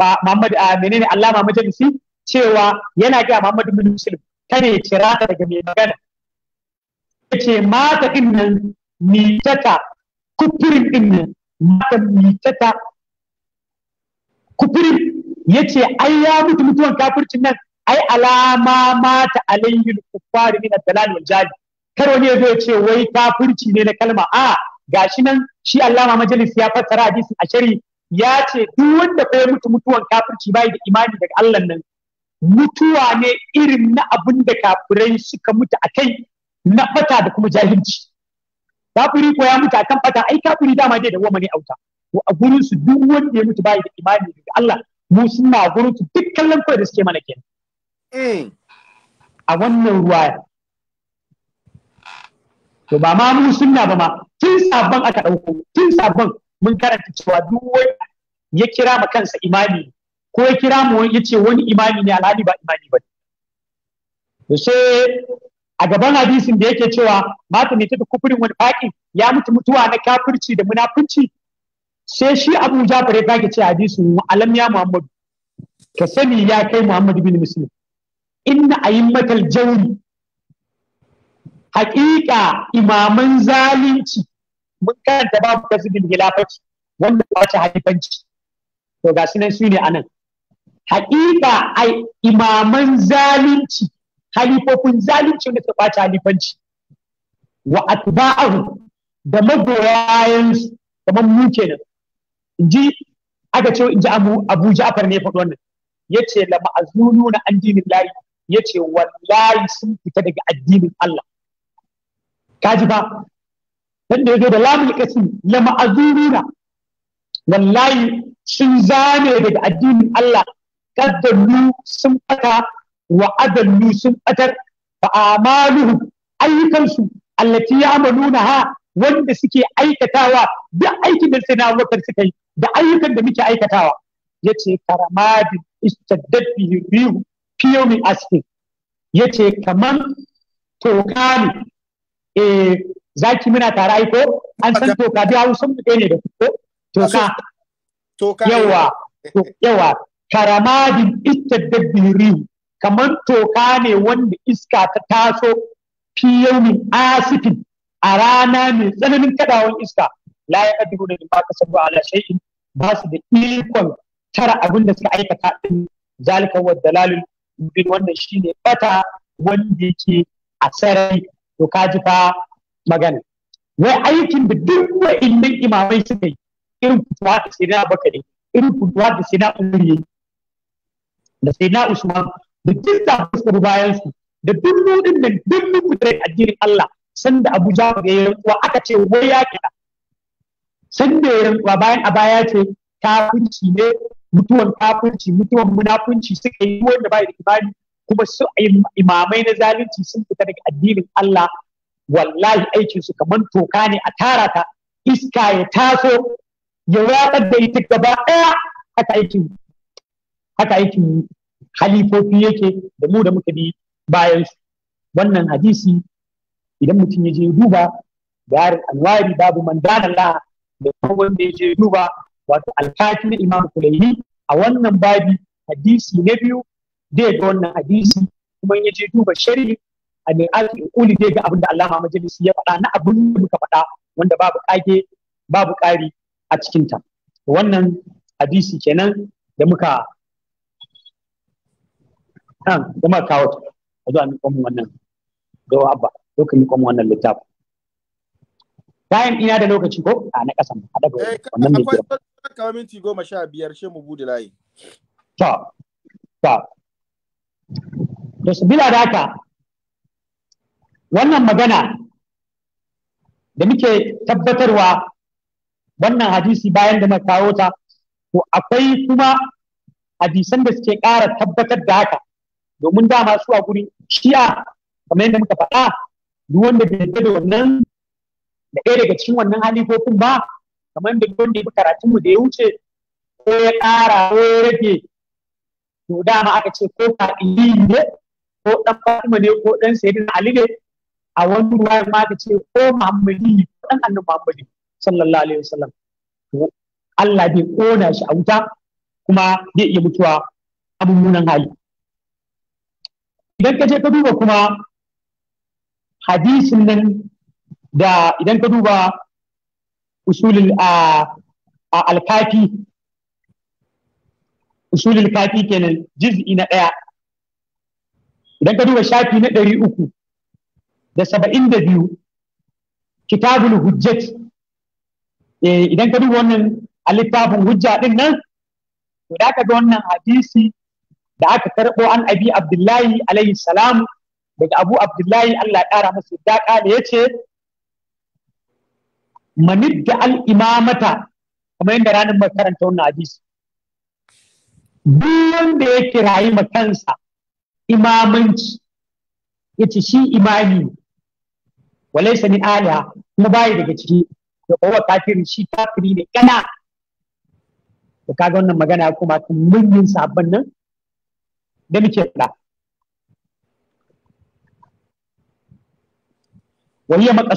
Muhammad menene Allah ma Jalisi cewa yana ga Muhammad bin Muslim kare kira ta daga mai magana yace mata ta nan ni tata kufirin din ma ta ni tata kufirin yace ai ya mutu mutuwan kafircin nan ai alama mata alayhi kuffar min ad-dalal wal jali kar wani ya ya ce wai kafirci ne na kalma a gashi nan shi Allama majalis ya fassara hadisi a shari ya ce duk wanda bai mutu mutuwan kafirci bai da imani daga Allah nan mutuwa ne irin na abin da kafirai suka mutu akai kai na fata da kuma jahilci kafiri ko ya mutu akan fata ai kafiri dama dai da wama ne auta a gurin su duk wanda ya mutu bai da imani daga Allah mu suna gurin su duk kallon kawai da suke mana kenan eh. a wannan ruwaya to ba ma mu sunna ba ma tun sabon aka ɗauko tun sabon mun karanta cewa duk wani ya kira ma kansa imani ko ya kira mu ya ce wani imani ne alhali ba imani ba to sai a gaban hadisin da yake cewa mata ne ta kufurin wani faƙi ya mutu mutuwa na kafirci da munafunci sai shi Abu Jafar ya kake ce hadisin alam ya Muhammadu ka sani ya kai Muhammadu bin Muslim inna ayyimatal jawri haƙiƙa imaman zalunci mun karanta babu kasibin hilafaci wanda wata halifanci to ga su nan su ne anan haƙiƙa ai imaman zalunci halifofin zalunci wanda suka ɓata halifanci wa atba'ahu da magoyayansu kamar mu kenan in ji aka ce in ji abu abu ja'far ne ya faɗi wannan yace la ma'azunu na addinin lahi yace wallahi sun fita daga addinin Allah kaji ba dan da yazo da lamul qasim la ma'azuruna wallahi sun zane daga addinin Allah kaddalu sun fata wa adallu sun fatar fa amaluhu ayyukansu allati ha, wanda suke aikatawa duk aikin da sai wakar suka yi da ayyukan da muke aikatawa yace karamadi istaddat bihi rihu fi yace kaman toka eh zaki muna tare aiko ko an san toka da hausan mu ne da kuko. toka toka yawa eh. yawa karamadin istadabbi rihu kamar toka ne wanda iska ta taso fi yaumin asifin a rana mai tsananin kadawan iska la ya kadiru da ba ka sabu ala shay'in ba su da ikon tara abin da suka aikata din zalika wa dalalul bin wannan shine bata wanda yake a sarai to ka ji fa magana wai aikin da duk nan imamai suka yi irin fituwa da sai na bakare irin fituwa da sai na umuri da sai na usman da duk da fuskar bayan su da duk nudin da duk nudin addinin Allah sanda Abu Jafar ya rantsuwa aka ce wai ya kira sanda ya rantsuwa bayan a baya ce kafirci ne mutuwan kafirci mutuwan munafunci suka yi wanda bai da imani kuma su imamai na zalunci sun fita daga addinin Allah wallahi aikin su kamar toka ne a tara ta iska ya taso ya watsar da ita gaba ɗaya haka aikin haka aikin halifofi yake da mu da muka bi bayan su wannan hadisi idan mutum ya je duba yarin alwari babu mandan Allah da wanda ya je duba wato na imam kulaini a wannan babi hadisi na biyu zai ga wannan hadisi kuma ya je duba sharhi a mai alƙi kuli dai ga abin da Allah majalisi ya faɗa na abin da muka faɗa wanda babu ƙage babu ƙari a cikinta wannan hadisi kenan da muka kan ah, da muka kawo ta a zuwa mi kwamu wannan gawa abba lokacin mi kwamu wannan littafin bayan ina da lokaci ko a na ƙasan a daga eh, wannan mai kira. Akwai minti goma sha biyar shi mu bude layi. Ta, ta, da su bila daka wannan magana da muke tabbatarwa wannan hadisi bayan da na kawo ta to akwai kuma hadisan da suke ƙara tabbatar da haka domin dama su a gurin shi'a kamar yadda muka faɗa duk wanda bai da wannan da ɗaya daga cikin wannan hali ko kuma, kamar da wanda ya karatun karatunmu da ya wuce ko ya ƙara ko ya rage to dama aka ce ko fa'ili ne ko dan Fatima ne ko dan Sayyidina Ali ne a wani ruwayar ma aka ce ko Muhammadi ko dan Annabi Muhammadi sallallahu alaihi wasallam to Allah bai kona shi a wuta kuma zai iya mutuwa a mummunan hali idan ka je ka duba kuma hadisin nan da idan ka duba usulul a alkafi usulul kafi kenan juz'i na ɗaya idan ka duba shafi na ɗari uku da saba'in da biyu kitabul hujjat eh, idan ka duba wannan a littafin hujja ɗin nan to da aka ga wannan hadisi da aka karɓo an abi abdullahi alayhi salam daga abu abdullahi allah ƙara masa da ƙara ya ce manidda al'imamata kamar yadda ranar makaranta wannan hadisi duk wanda ya kirayi kansa imamanci ya ce shi imami walai sani ala kuma bayi daga ciki da kowa kafirin shi kafiri ne kana da kaga wannan magana kuma kan manyan sabon nan da muke faɗa وهي alal a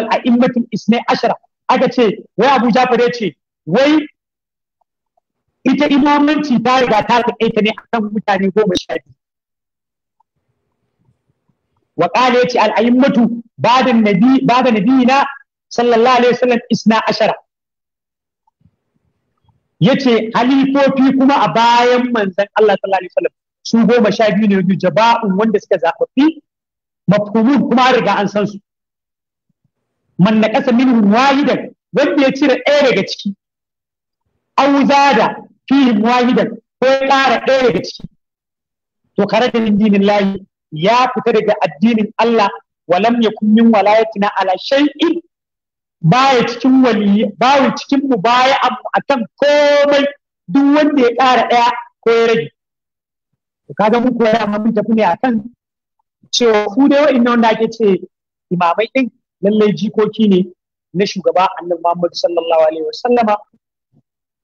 الأئمة الاثني عشرة aka ce wai Abu Jafar ya ce wai ita imamanci ta riga ta taƙaita ne akan mutane goma sha biyu ya ce al'ayin mutu ba ba'da nabi na sallallahu alaihi wasallam isna ashara ce halifofi kuma a bayan manzan Allah sallallahu alaihi wasallam su goma sha biyu ne yanzu jaba'un wanda suka zaɓaɓɓi mafhumun kuma riga an san su man na ƙasa minhum wahidan wanda ya cire ɗaya daga ciki auzada Filin wahidan ko ya ƙara ɗaya daga ciki to kare da dinin layi ya fita daga addinin Allah walam yakun min walayatina ala shay'in baya cikin wali baya cikin mu baya abu akan komai duk wanda ya ƙara ɗaya ko ya rage to kaga mu koyar amma mun tafi ne akan cewa ku dai wa'annan wanda ake ce imamai din lallai jikoki ne na shugaba annabi Muhammad sallallahu alaihi wasallama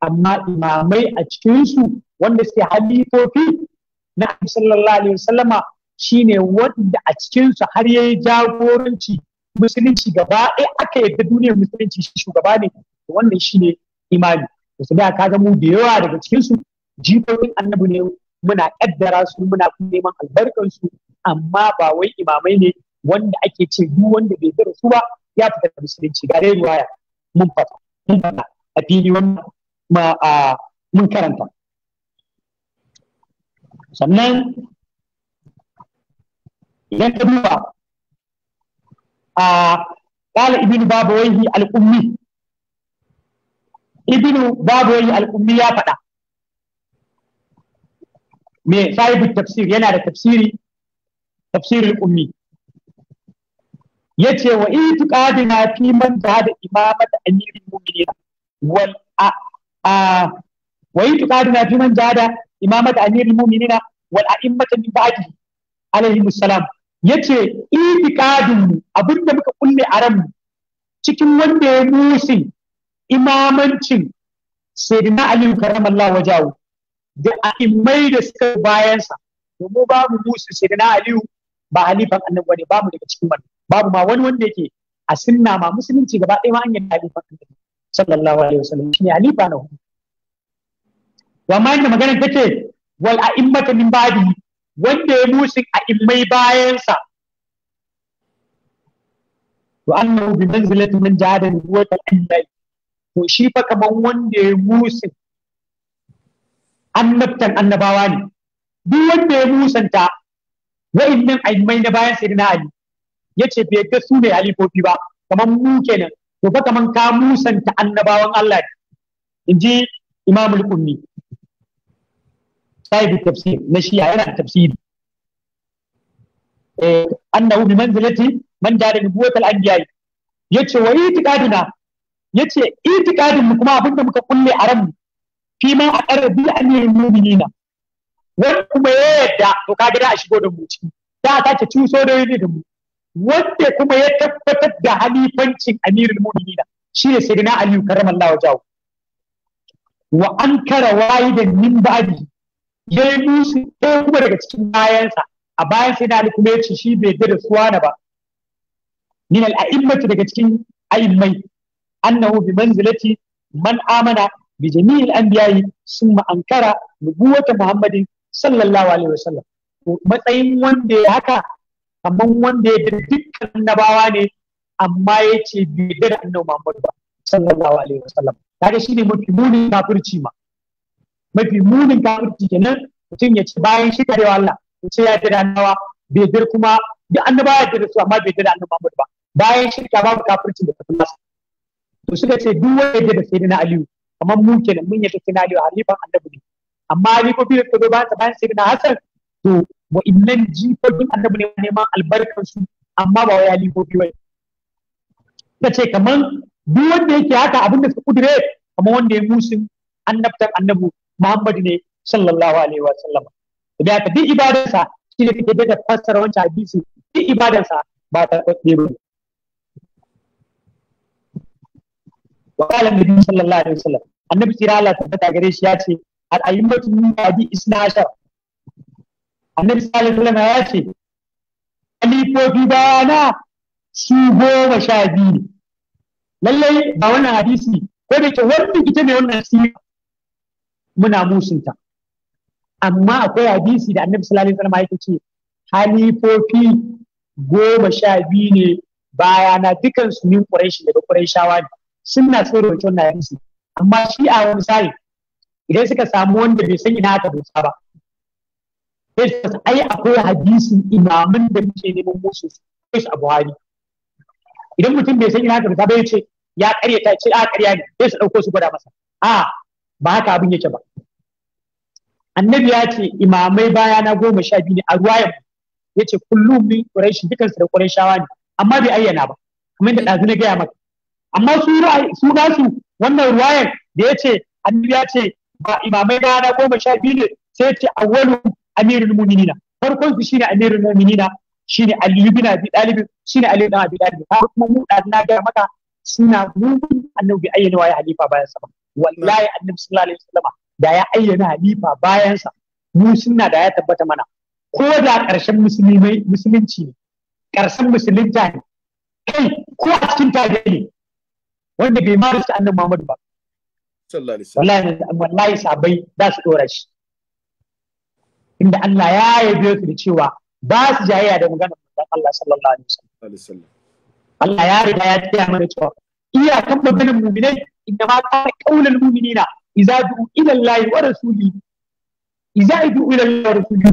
amma imamai a cikinsu wanda suke halifofi na sallallahu alaihi wasallama shine wanda a cikinsu har yayi jagoranci musulunci gaba ɗaya aka yadda duniyar musulunci shi shugaba ne wannan shine imami Wasu da ka ga mu da yawa daga cikinsu jikokin annabi ne muna kaddara su muna neman su. amma ba wai imamai ne wanda ake ce duk wanda bai da su ba ya fita da musulunci ga dai ruwaya mun fata mun fata a fili wannan ma a mun karanta sannan idan ka duba a babu ابن al'ummi, ibinu babu بابويه al'ummi ya faɗa, me sahibu tafsir yana da tafsiri tafsirin ummi yace wa itiqadina fi man jahada imamata amirul mu'minin wal a tu tuqaduna na fiman jada imamat amirul mu'minina wal a'immata min ba'di alaihi salam yace abin abinda muka kulle a ran cikin wanda ya musi imamancin sayyidina ali karamallahu wajahu da a'immai da suka bayansa domin mu musu sayyidina ali ba halifan annabi ba mu daga cikin Ba babu ma wani wanda yake a sunna ma musulunci gaba ɗaya ma an yi halifan annabi sallallahu alaihi wasallam shine ali ba hudu wa ma inda magana take wal a'immatu min ba'di wanda ya musin a'immai bayansa to annahu bi manzilati min jadan huwa al-annabi to shi fa kaman wanda ya musu annabtan annabawa ne duk wanda ya musanta wa'annan a'immai na bayan sayyidina ali yace bai ga su ne halifofi ba kaman mu kenan to fa kaman ka musanta annabawan Allah ne inji Imam al-Qurni sahibi tafsir na shi yana da tafsiri eh annahu bi manzilati man jada bi buwatal anbiya'i yace wa itiqadina yace itiqadin mu kuma abinda muka kulle a ran fi ma a qarabi anil mu'minina wani kuma ya yadda to kaga da a shigo da mu ciki da ta ce so da yi da mu wanda kuma ya tabbatar da halifancin amirul mu'minina shine sayyidina ali karramallahu wajhahu wa ankara wayidan min ba'di yayi musu ko kuma daga cikin bayansa a bayan sai ali kuma ya ce shi bai da da suwana ba min al-a'immati daga cikin a'immai annahu bi manzilati man amana bi jami'il anbiya'i summa ankara nubuwata muhammadin sallallahu alaihi wasallam matsayin wanda ya haka kamar wanda ya dukkan annabawa ne amma ya ce bai da annabi Muhammad ba sallallahu alaihi wasallam kaga shine mafi munin kafirci ma mafi munin kafirci kenan mutum ya ce bayan shi karewa Allah ya ce ya da annabawa bai da kuma duk annaba ya da su amma bai da annabi Muhammad ba bayan ka babu kafirci da kafin nasa to suka ce duk wanda ya da sai na Aliyu kamar mu kenan mun yi ta na Aliyu halifan annabi ne amma Aliyu ko bai da bayan sai na Hassan to wa'innan jikokin annabi ne neman albarkar su amma ba ya limofi wai ta ce kaman duk wanda yake haka abin da suka kudure kamar wanda ya musin annabtan annabu Muhammadu ne sallallahu alaihi wa sallam da haka duk ibadarsa shi ne take da fassara wancan hadisi duk ibadarsa ba ta kwaɗe ba wa qala nabi sallallahu alaihi wa sallam annabi sirala ta gare shi ya ce al ayyubatu min ba'di 12 annabi sallallahu alaihi ya ce alifofi bayana su goma sha biyu lallai ba wannan hadisi ko da ke wani ita ne wannan siya muna musunta amma akwai hadisi da annabi sallallahu alaihi wasallam yake ce halifofi goma sha biyu ne bayana dukan su min quraishi daga quraishawa ne suna tsoro wannan hadisi amma shi a wani sai idan suka samu wanda bai san ina ta dosa ba sai ai akwai hadisin imaman da muke neman musu sai su buhari. idan mutum bai san ina ka ba ya ce ya karyata ce a karya ne sai su ɗauko su gwada masa a ba haka abin yake ba annabi ya ce imamai baya na goma sha biyu ne a ruwayan ya ce kullum min quraishi dukan su da qurayshawa ne amma bai ayyana ba kamar da ɗazu na gaya maka amma su nasu wannan ruwayan da ya ce annabi ya ce ba imamai baya na goma sha biyu ne sai ce awwalu amirul mu'minina farkon su shine amirul mu'minina shine Ali ibn Abi Talib shine Ali ibn Abi Talib har kuma mu da na ga maka suna mugun annabi ayyana wa halifa bayan sa wallahi annabi sallallahu alaihi wasallam da ya ayyana halifa bayan sa mu sunna da ya tabbata mana ko da karshen musulmai musulunci ne karshen musulunta ne kai ko a cikin tage ne wanda bai marasa annabi Muhammad ba sallallahu alaihi wasallam wallahi sabai da su dora shi inda Allah ya yabe su da cewa ba su jayayya da maganar da Allah sallallahu alaihi wasallam Allah ya riga ya tsaya mana cewa iya iyakan maganar mu'minai inda ma kana qaulul mu'minina idza du'u ila Allah wa rasuli idza du'u ila Allah wa rasuli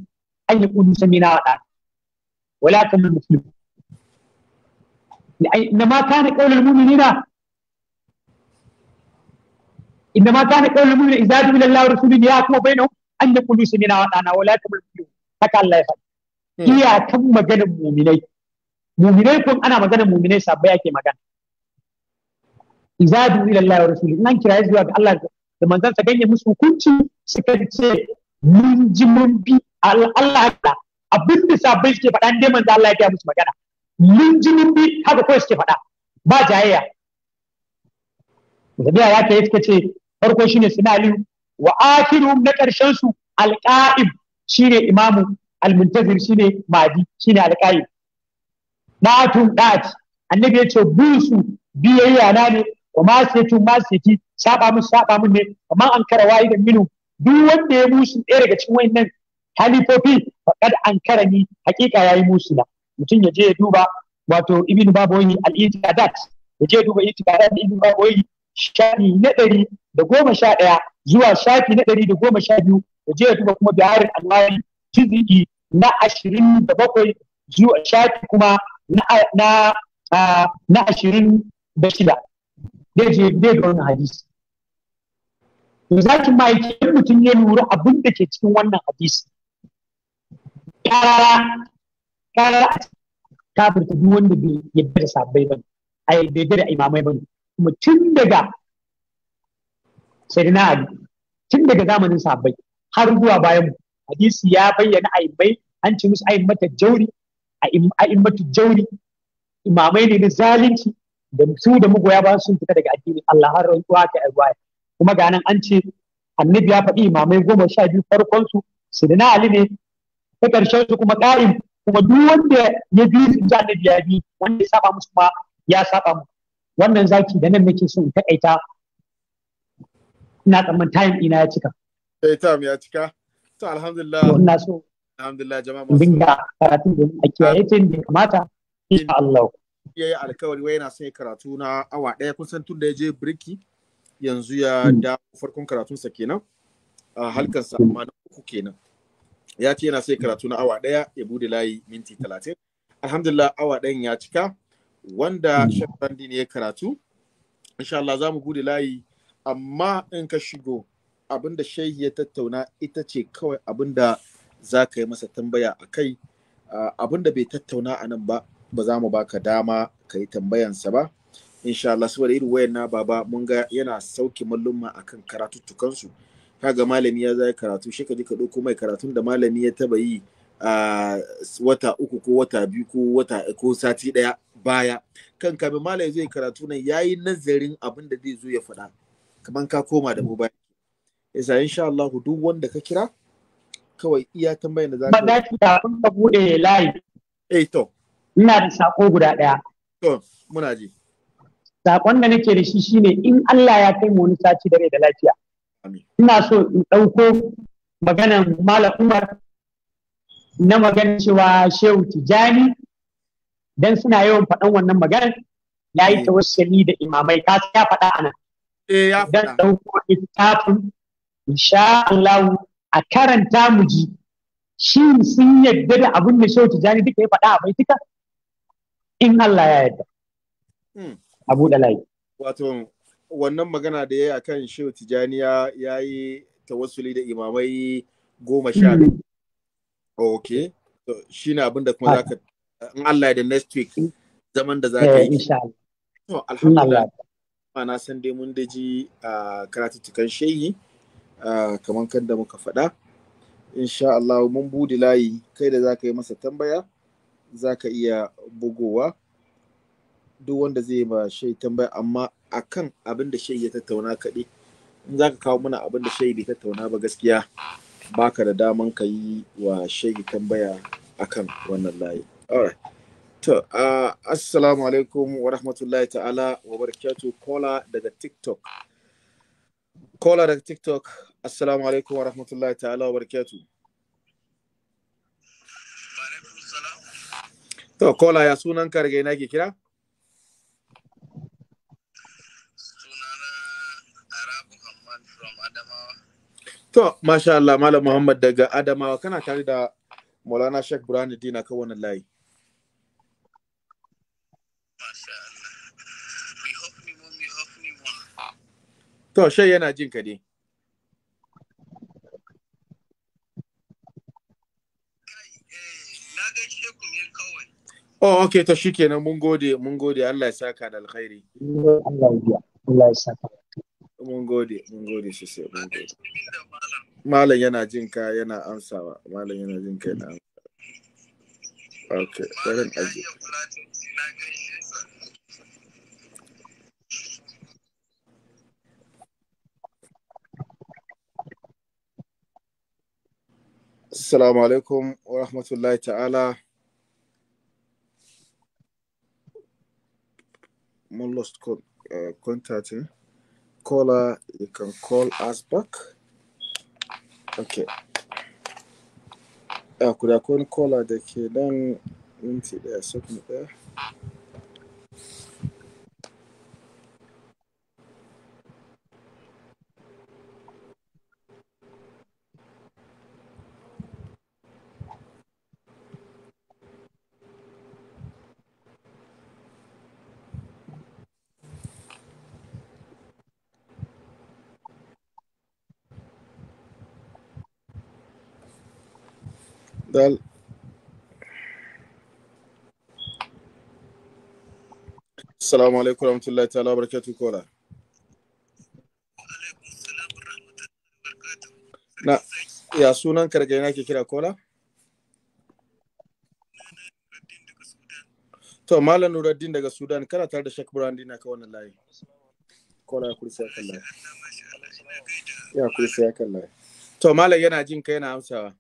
an yaqulu samina wa da'a wala kana muslim إنما كان قول المؤمنين إنما كان قول du'u إذا دعوا إلى الله ورسوله ليحكم بينهم an yi kulusi mina wa ɗana wala ta mulki haka Allah ya iyakan maganar muminai muminai kun ana maganar muminai sabbai ake magana iza du ila Allah wa rasuli kira zuwa ga Allah da sa ganye musu hukunci suka ce mun ji mun bi Allah Allah abinda da sabbai suke faɗa dai manzo Allah ya musu magana mun ji mun bi haka kawai suke faɗa ba jayayya Zabiya ya ta yi suka ce farko shine suna aliyu wa akhiruhum na ƙarshen su alqa'im shine imamu almuntazir shine madi shine alqa'im tun da'at annabi yace busu biyayya na ne wa sai ki saba mun saba mun ne amma an kara wayi da minu duk wanda ya musu ɗaya daga cikin wayannan halifofi faqad an kara ni hakika yayi musu na mutum ya je ya duba wato ibnu babawi al-i'tiqadat ya je duba i'tiqadat ibnu babawi shani na ɗari da goma sha ɗaya zuwa shafi na ɗari da goma sha biyu da je ya duba kuma biharin alwari jizgi na ashirin da bakwai zuwa shafi kuma na ashirin da shida zai je zai ga wani hadisi to ki ma yake mutum ya lura abin da ke cikin wannan hadisi karara karara a kafirta duk wanda bai yadda da sabbai ba ne, a yadda da imamai ne. mutum daga na ali tun daga zamanin sahabbai har zuwa bayan hadisi ya bayyana aimai an ce musu a jauri aimmatu jauri imamai ne na zalunci da su da mugoya ba sun fita daga addinin Allah har rantsuwa ta ruwaya kuma ga nan an ce annabi ya faɗi imamai goma sha biyu farkon su sidina ali ne ta ƙarshen su kuma ƙarin kuma duk wanda ya bi su annabi ya bi wanda ya saba musu ma ya saba mu wannan zaki da nan nake so in takaita ina tsamman time ina ya cika eh time ya cika to alhamdulillah ina so alhamdulillah jama'a masu Binga karatu da a kiyaye ta da kamata insha Allah ya yi alkawari wai yana son karatu na awa ɗaya kun san tun da ya je birki yanzu ya hmm. da farkon karatunsa kenan a hmm. sa amma na uku kenan ya ce yana sai karatu na awa ɗaya ya bude layi minti talatin alhamdulillah awa ɗayan ya cika wanda hmm. shafandi ne ya karatu insha Allah za mu bude layi amma in ka shigo abin da shehi ya tattauna ita ce kawai abin da za ka yi masa tambaya a kai abin da bai tattauna a nan ba ba za mu baka dama ka yi tambayansa ba insha Allah saboda irin wayan na baba mun ga yana sauke mallumma akan karatuttukansu kaga malami ya zai karatu shi ka ji ka ko mai karatun da malami ya taba yi a wata uku ko wata biyu ko wata ko sati ɗaya baya kan kamin malami zai karatu nan yayi nazarin abin da zai zo ya faɗa kamar ka koma da mu bayan yasa insha Allah duk wanda ka kira kawai iya tambayar da za ka ba da ka bude live eh to ina da sako guda daya to muna ji sakon da nake da shi shine in Allah ya kai mu wani sati da da lafiya ina so in dauko maganan malam Umar na magana cewa Shehu Tijani dan suna yawan faɗan wannan maganar yayi tawassuli da imamai ka ya faɗa anan Idan eh, ɗauko littafin insha Allah a karanta mu ji shi sun yadda da abin da Shehu Tijani duka ya faɗa a baituka in Allah ya yadda. Hmm. Abu buɗe layi wato wannan magana da ya yi akan Shehu Tijani ya yi tawassuli da imamai goma sha hmm. biyu ok shi na abin da kuma za ka in Allah ya da next week zaman da za ka yi eh, insha Allah alhamdulillah na san dai mun daji a karatuttukan shehi kamar kan da muka faɗa insha Allah mun bude layi kai da zaka yi masa tambaya zaka iya bugowa duk wanda zai ba shai tambaya amma akan abin da shai ya tattauna kaɗai in zaka kawo mana abin da shai bai tattauna ba gaskiya baka da daman ka yi wa shai tambaya akan wannan layi To, uh, assalamu alaikum wa rahmatullahi ta'ala wa barakatuh kola daga TikTok. Kola daga TikTok, assalamu alaikum wa rahmatullahi ta'ala wa barakatu. To, kola ya sunan karge na ke kira? Sunana To, masha Allah, Malam Muhammad daga Adamawa, kana tare da Maulana Sheikh Burhanuddin a kan layi. To, shai yana jin ka ne. Oh, okay, to shi kenan mun gode, mun gode, Allah ya saka da alkhairi. Allah ya saka. Mun gode, mun gode shi sai, mun gode. Malam yana jin ka yana amsawa, malam yana jin ka yana amsawa. Okay, sai bari aji. Assalamu alaikum wa rahmatullahi ta'ala. Mun lost uh, contact. Eh? Caller, you can call us back. Okay. Ya ah, Kuda kun caller da ke nan minti ɗaya, second ɗaya. tal? Assalamu alaikum warahmatullahi ta'ala barakatuh kola. Na ya sunan karga na ke kira kola? To Malam Nuruddin daga Sudan kana tare da Sheikh Burhan na ka wannan layi. Kola ya kursi ya kalla. Ya kursi ya kalla. To Malam yana jin ka yana amsawa.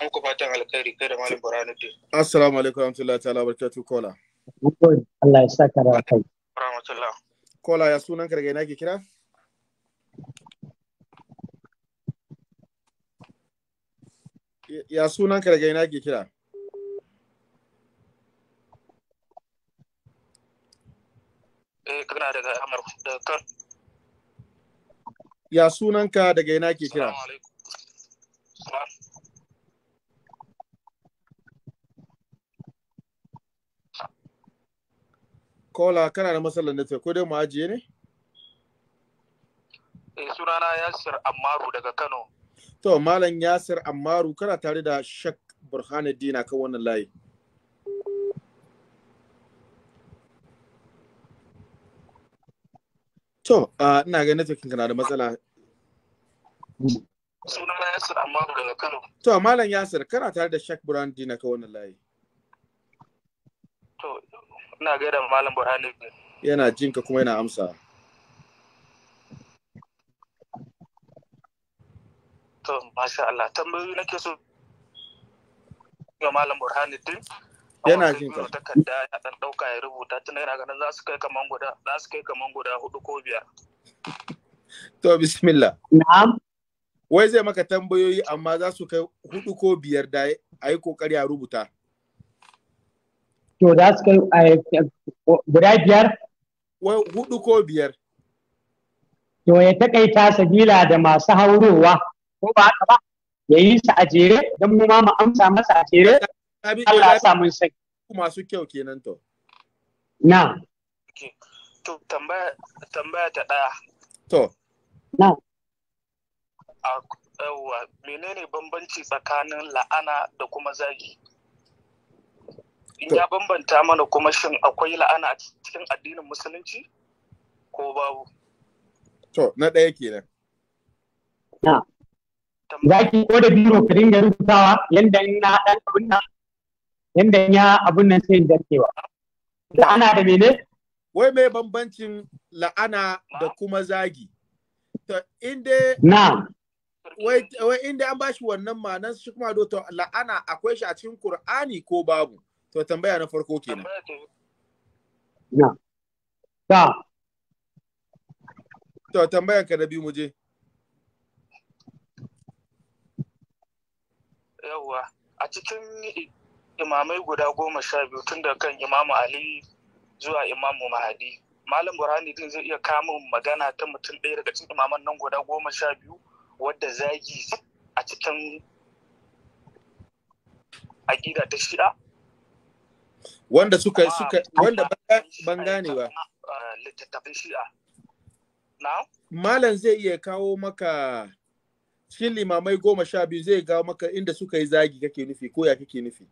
An ku fatan alkhairi kai da Malam Assalamu alaikum warahmatullahi ta'ala barakatuh kola. Allah ya saka da kai. Kola ya sunan ka daga ina ke kira? Ya sunan ka daga ina ke kira? Eh kana daga Amar da kan. Ya sunan ka daga ina ke kira? Assalamu alaikum. kola kana da matsalar network ko dai mu ajiye ne eh sunana Yasir Ammaru daga Kano to malam Yasir Ammaru kana tare da Shak Burhanuddin kan wannan layi To, ina ga networking kana da matsala. Sunana Yasir Ammaru daga Kano. To, Malam Yasir, kana tare da Shak Burhan Dina ka wannan layi. ina gaida malam Burhanu. Yana jinka kuma yana amsa. To, masha Allah, tambayoyi nake so ga malam din Yana jin ka. Takarda ya dan dauka ya rubuta tun yana ganin za su kai kaman guda, za su kai kaman guda hudu ko biyar. To, bismillah. Na'am. Wai zai maka tambayoyi amma za su kai hudu ko biyar da a yi kokari a rubuta. to za su kai eh, guda biyar? Hudu ko biyar. To ya takaita sabila da masu haurowa ko ba haka ba ya yi su a jere don mu ma mu amsa masa a jere Allah ya samu sai. Masu kyau kenan to. Na. To tambaya ta ɗaya. To. Na. Yawwa menene bambanci tsakanin la'ana da kuma zagi? ya bambanta mana kuma shin akwai la'ana a cikin addinin musulunci ko babu to na ɗaya kenan za ki ko da biro ka dinga rubutawa yanda na dan abun yanda ya abun nan sai da cewa la'ana da mene wai mai bambancin la'ana da kuma zagi to inda na wai inda an bashi wannan ma'anar shi kuma to la'ana akwai shi a cikin Qur'ani ko babu to tambaya na farko kenan na ta to tambayan ka da biyu muje yawwa a cikin imamai guda goma sha biyu tun da kan imamu ali zuwa imamu mahadi malam burhani din zai iya kama magana ta mutum ɗaya daga cikin imaman nan guda goma sha biyu wadda zagi a cikin aƙida ta shi'a wanda suka suka wanda ban gane ba eh, littattafin shi'a malam zai iya kawo maka cikin limamai goma sha biyu zai kawo maka inda suka yi zagi kake nufi ko ya kake nufi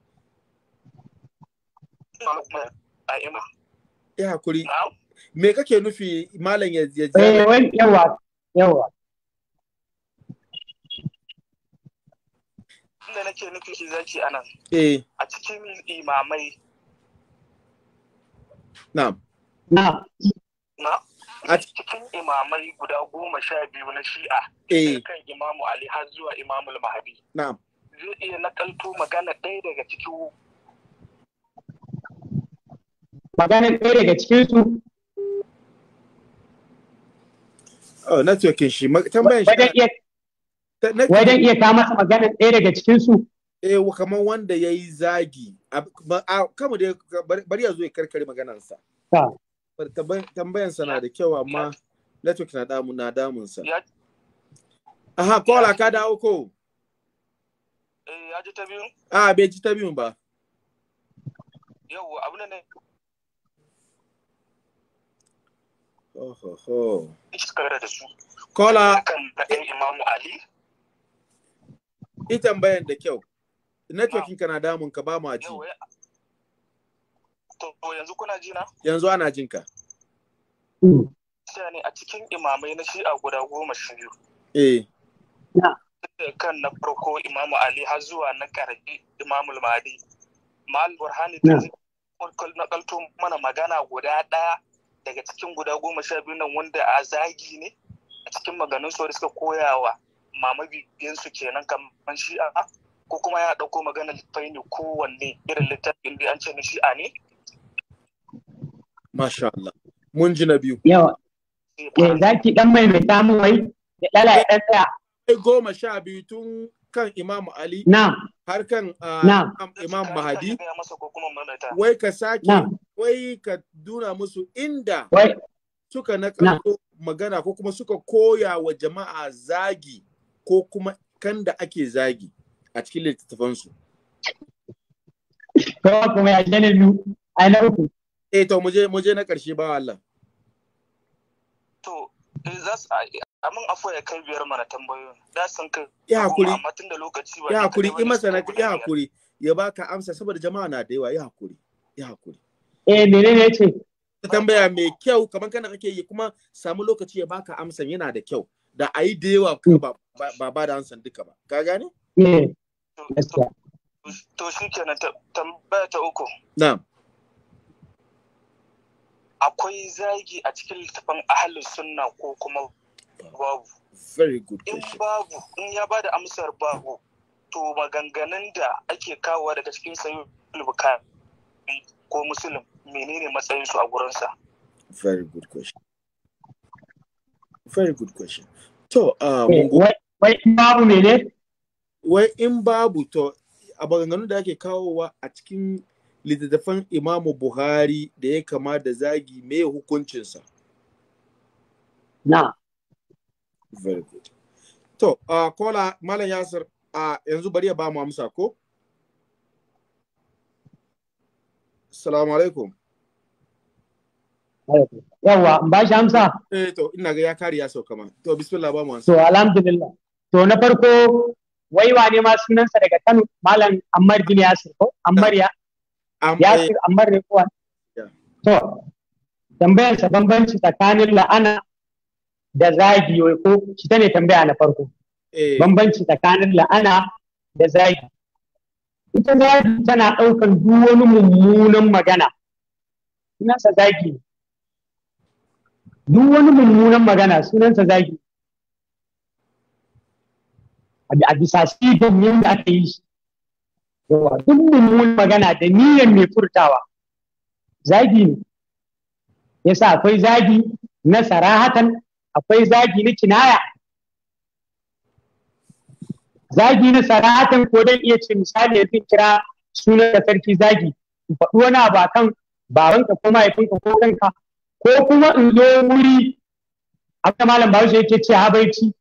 ya hakuri me kake nufi malam ya je eh, yawa yawa da nake nufi shi zaki anan eh. a cikin imamai na'am na'am a cikin imamai guda goma sha biyu na shi'a eh. kan imamu ali har zuwa imamu mahadi na'am zai iya nakalto magana ɗaya daga cikin magana ɗaya daga cikin su Oh, networking shi tambayan shi Wajen iya ta masa magana ɗaya daga cikin su eh kamar wanda yayi zagi kama da bari ya zo ya karkare maganansa. Tambayan na da kyau amma network na damu na damunsa. Aha, kola ka dawo ko? Eh, ya ji ta biyu? Ah, bai ji ta biyun ba. Yau, abu ne. Oh, oh, oh. Kola. Kan da Ali. Ita bayan da kyau. networking kana damun ka ba mu aji to yanzu kuna ji na yanzu ana jin ka hmm. ne a cikin imamai na shi a guda goma shi biyu eh kan na farko imamu ali har zuwa na karfi imamu mahdi mal burhani na kalto mana magana guda daya daga cikin guda goma sha biyu nan wanda a zagi ne a cikin maganin su suka koyawa mama biyansu kenan kamar shi'a ko kuma ya ɗauko magana littafi ne kowanne irin littafin da an ce shi shi'a ne? Masha Allah. Mun ji na biyu. Yawa. Eh, eh, Za ki ɗan mai mai samu wai? Ya ɗala ya ɗasa. Goma sha biyu tun kan Imam Ali. Na. Har ah, kan Imam Mahadi. Wai ka sake. Wai ka duna musu inda. Suka na magana ko kuma suka koya wa jama'a zagi ko kuma kan da ake zagi. a cikin littattafansu. Kawai kuma ya je biyu, a na uku. Eh to muje muje na ƙarshe ba Allah. To eh, za su amin afuwa ya kai biyar mana tambayoyin. Da sun kai. Ya hakuri. Amma tun da lokaci ba. Ya hakuri, in masa na ya hakuri. Ya baka amsa saboda jama'a na da yawa, ya hakuri. Ya hakuri. Eh mene ne ce? tambaya mai kyau kamar kana kake yi kuma samu lokaci ya baka amsan yana da kyau da ayi da yawa ba ba da amsan duka ba ka gane eh. To shi kenan tambaya ta uku. Na'am. Akwai zagi a cikin littafin ahalin sunna ko kuma babu. Very good question. In babu, in ya bada amsar babu, to maganganun da ake kawo daga cikin sayin bukari ko musulun menene matsayinsu a gurinsa? Very good question. Very good question. To, uh, wai babu wai in babu to a maganganun da ake kawowa a cikin littattafan imamu buhari da ya kama da zagi me hukuncinsa na very good to uh, kola malam yasir uh, yanzu bari ya ba mu amsa ko salamu alaikum yawa ba shi amsa eh to ina ga ya kare ya sauka ma to bismillah ba mu amsa to alhamdulillah to na farko wai wane ma sunansa daga Kano Malam Ammar bin Yasir ko Ammar ya Yasir Ammar ne kuwa to tambayar sa bambanci tsakanin la'ana da zagi wai ko shi ta ne tambaya na farko eh. bambanci tsakanin la'ana da zagi ita zagi tana ɗaukar duk wani mummunan magana sunansa zagi duk wani mummunan magana sunansa zagi a bisa yin da aka yi yawa duk mummun magana da niyyar mai furtawa zagi ne yasa akwai zagi na sarahatan akwai zagi na kinaya zagi na sarahatan ko dan iya ce misali yanzu kira sunan da sarki zagi in faɗi wani abu akan babanka ko mahaifinka ko kanka ko kuma in zo wuri abin malam bahaushe yake ce habaici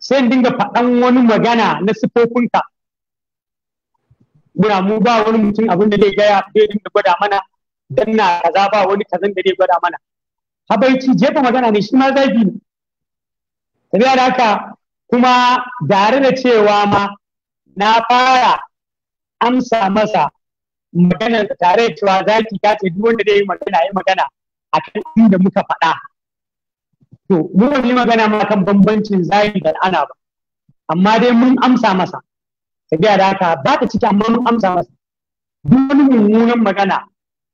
sai dinga faɗan wani magana na sifofinka muna mu ba wani mutum abin da zai gaya zai dinga gwada mana dan na kaza ba wani kazan da zai gwada mana habaici jefa magana ne shi ma zafi ne tabiya da haka kuma tare da cewa ma na fara amsa masa maganar tare da cewa zaki ta ce duk wanda zai yi magana yi magana akan inda muka faɗa to mu wani magana ma kan bambancin zahiri da ana ba amma dai mun amsa masa tafiya da haka ba ta ciki amma mun amsa masa duk wani mummunan magana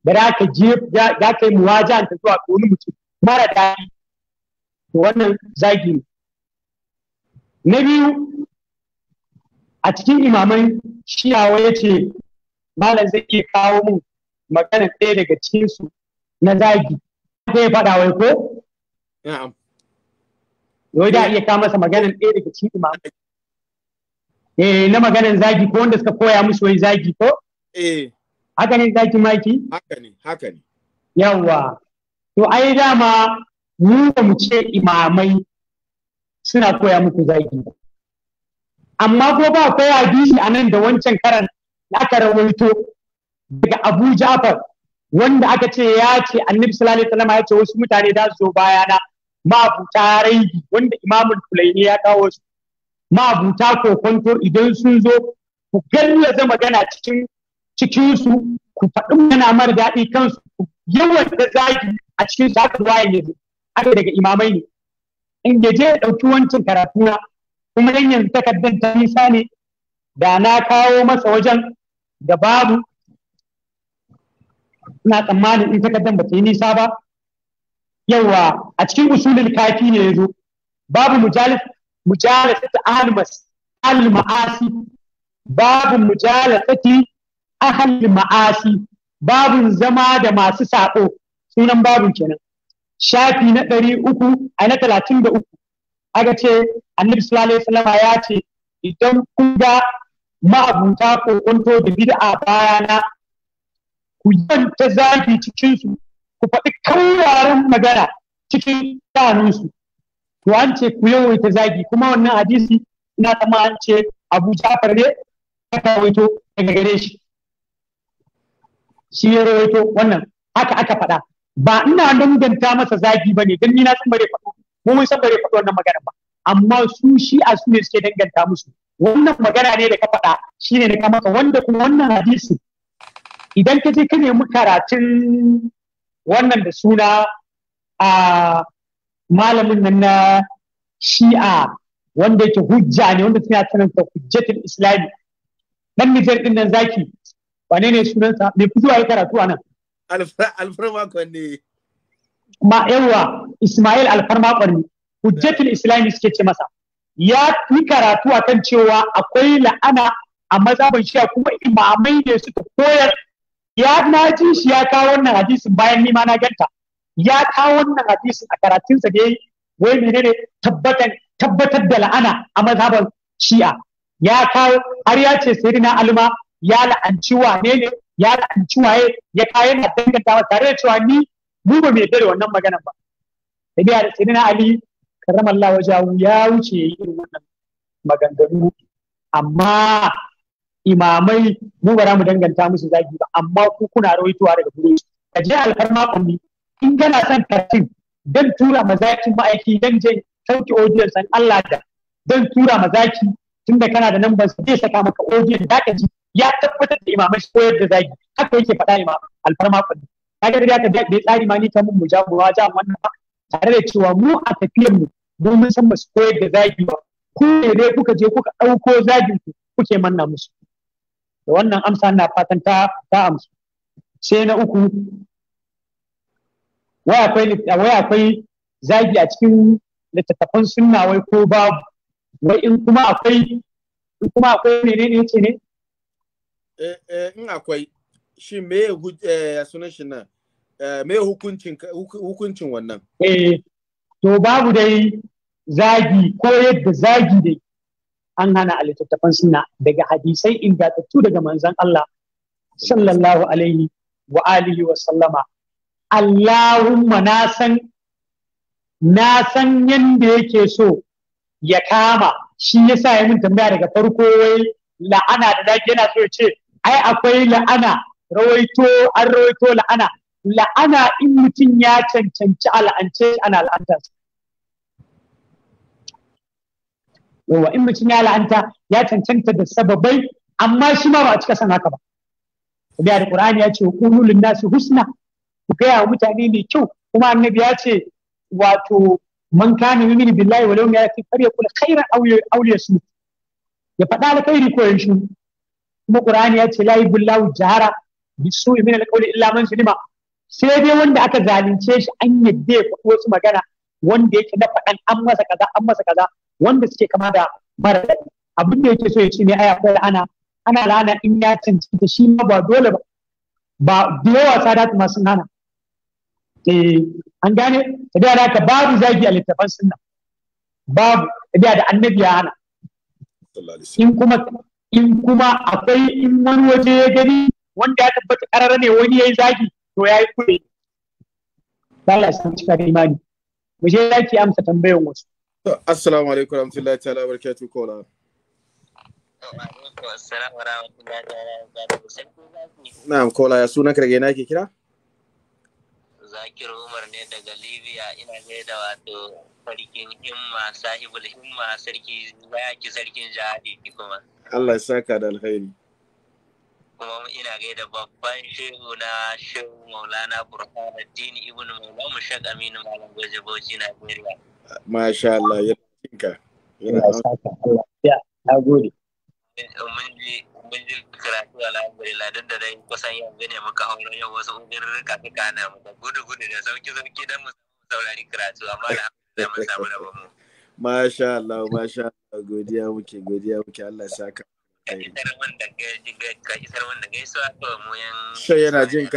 da za ka je yi muwajan ta zuwa wani mutum mara daɗi to wannan zagi ne na biyu a cikin imaman shiyawa ya ce malam zai iya kawo mun magana ɗaya daga cikinsu na zagi zai faɗa wai ko? wai da iya kama masa maganin ɗaya daga cikin imamai eh na maganin zagi ko wanda suka koya musu wai zagi ko eh haka ne zaki maki haka ne haka ne yawa to ai dama mu ba mu ce imamai suna koya muku zagi amma ko ba akwai hadisi a nan da wancan karan da aka rawaito daga Abu Ja'far wanda aka ce ya ce Annabi sallallahu alaihi wasallam ya ce wasu mutane da su zo bayana Mabu raibi wanda imamul kulaini ya kawo su ko kokonto idan sun zo ku gallaza magana cikin cikin su ku faɗi mana mara daɗi kansu yawan da zagi a cikin su haka yanzu daga imamai ne in ya je ya ɗauki wancan karatu na kuma yan yanzu takardar ta nisa ne da na kawo masa wajen da babu ina tsammanin in takardar ba ta yi nisa ba yawa a cikin usulul kafi ne yazo babu mujalis mujalasati almas al ma'asi babu mujalasati ahal ma'asi babu zama da masu sako sunan babu kenan shafi na ɗari a na talatin da uku ce annabi sallallahu alaihi ya ce idan kun ga ma'abuta kwanto da bid'a bayana ku yanta zafi cikin su ku faɗi kaurarin magana cikin shanunsu to an ce ku yawaita zagi kuma wannan hadisi ina kama an ce abu jafar ne ya kawaito daga gare shi shi ya rawaito wannan haka aka faɗa ba ina danganta masa zagi ba ne don ni na san bare faɗo mu mun san bare faɗo wannan magana ba amma su shi a su ne suke danganta musu wannan magana ne da ka faɗa shine ne ka maka wanda kuma wannan hadisi idan ka je ka nemi karatun wannan da suna a malamin nan na shi'a wanda yake hujja ne wanda suna sanarsa hujjatul islami dan nijar din nan zaki wane ne sunansa mai fito yi karatu a nan alfarma kwanne ma yawa ismail alfarma kwanne hujjatul islami suke ce masa ya yi karatu akan cewa akwai la'ana a mazaban shi'a kuma imamai ne suka koyar ya na ji shi ya kawo wannan hadisin bayan nima na ganta ya kawo wannan hadisin a karatun da yayi wai menene tabbatar tabbatar da la'ana a mazhaban shi'a ya kawo har ya ce sayyidina alma ya la'anci wane ne ya la'anci waye ya kawo yana dangantawa tare da cewa ni mu ba mai da wannan maganan ba sai da sayyidina ali karramallahu wajahu ya wuce irin wannan maganganu amma imamai mu ba mu danganta musu zagi ba amma ku kuna rawaitowa daga gure ka je alfarma kunni in kana son tartin dan tura mazakin ma'aiki dan je sauki audiyon san Allah da dan tura mazaki tunda kana da numbers zai saka maka audiyon da ka ji ya tabbatar da imamai su koyar da zagi haka yake faɗa imam alfarma kunni ga da ka bai tsari ma ni kan mun mujabu ja wannan tare da cewa mu a tafiyar mu domin san mu koyar da zagi ba ku ne dai kuka je kuka ɗauko zagin ku kuke manna musu da wannan amsa na fatan ta ta amsu sai na uku wai akwai wai akwai zagi a cikin littattafan sunna wai ko babu wai in kuma akwai in kuma akwai menene yace ne eh eh in akwai shi me eh, sunan shi nan eh, me hukuncin hukuncin wannan eh to babu dai zagi ko yadda zagi dai an hana a littattafan daga hadisai ingantattu daga manzon Allah sallallahu alaihi wa alihi wa sallama Allahumma na san na san yanda yake so ya kama shi yasa ya min tambaya daga farko wai la'ana da daki yana so ya ce ai akwai la'ana rawaito an rawaito la'ana la'ana in mutum ya cancanci al'ance ana la'antarsa yawa in mutum ya la'anta ya cancanta da sababai amma shi ma ba a cika san haka ba tabiya da qur'ani ya ce qulu lin nasi husna ku gaya wa mutane mai kyau kuma annabi ya ce wato man kana yu'minu billahi wal yawmil akhir kula khairan aw liyasmut ya faɗa alkhairi ko yanshi kuma ƙur'ani ya ce la yubillahu jahara bisu'i min alqawli illa man sulima sai dai wanda aka zalunce shi an yadda ya faɗi wasu magana wanda yake na faɗan an masa kaza an masa kaza wanda suke kama da mara daɗi abin da yake so ya ci ne ai akwai ana. ana lana in ya cancanta shi ma ba dole ba ba da yawa sada ta masu hana eh an gane da da ka babu zagi a littafan sunna babu da da annabi ya hana in kuma in kuma akwai in wani waje ya gani wanda ya tabbata karara ne wani yayi zagi to yayi kure Allah ya san cika da imani mu je zaki amsa tambayan wasu Assalamu alaikum warahmatullahi ta'ala barakatuh kola. Na'am kola ya sunan karge na ke kira? Zakir Umar ne daga Libya ina gaida wato sarkin himma sahibul himma sarki ki sarkin jihadi kuma. Allah ya saka da alkhairi. Kuma ina gaida babban shehu na shehu Maulana Burhanuddin Ibn Maulana Mushak Aminu Malam Gwaje Bauchi Najeriya. Masha Allah ya tinka. Ina saka Allah. Ya, nagode Mun ji mun ji karatu alhamdulillah dan da dai kusan yanzu ne muka hauro yau wasu ungirrika ka kana mu gudu gudu da sauki sauki dan mu saurari karatu amma da mun samu rabon mu. Masha Allah, masha Allah, godiya muke, godiya muke, Allah saka. Shai yana jin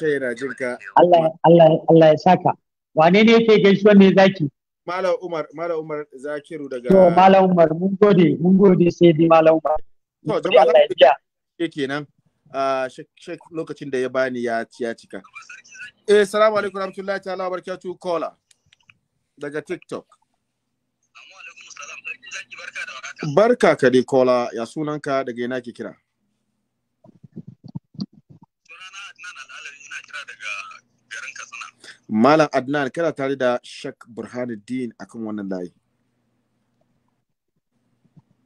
shai yana jin Allah ya saka. Wane ne yake gaisuwa mai zaki? Malam Umar, Malam Umar Zakiru daga To Malam Umar mun gode, mun gode sai dai Malam Umar. To jama'a Allah ya biya. kenan. Ah shek lokacin da ya bani ya ya cika. Eh assalamu alaikum rahmatullahi ta'ala wabarakatuh kola daga TikTok. Barka ka dai kola ya sunanka daga ina ke kira. Malam Adnan kana tare da Shak Burhanuddin kan wannan layi.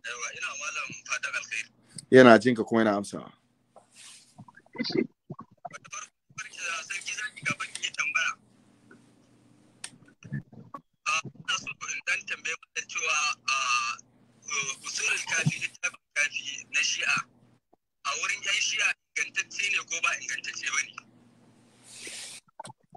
Yawa ina malam fatan alkhairi. Yana jinka kuma yana amsawa. Ah, dan tambaye wanda cewa ah, usulul kafi littafin kafi na shi'a a wurin yan shi'a ingantacce ne ko ba ingantacce ba ne.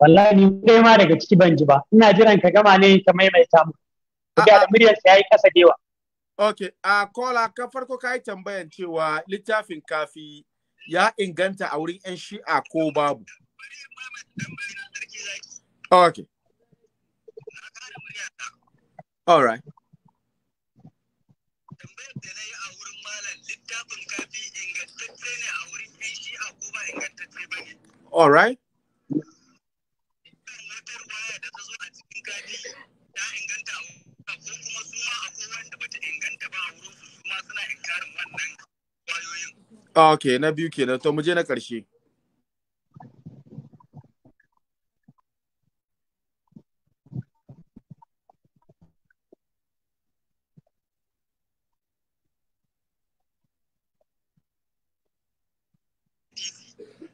wallahi ni dai ma daga ciki ban ji ba ina jiran ka gama ne ka maimaita mu ga da ah, ah. muryar sa yayi kasa dewa okay a kola ka farko kai tambayan cewa littafin kafi ya inganta a wurin yan shi'a ko babu okay all right All right. Ah, okay, na biyu kenan. To mu na ƙarshe.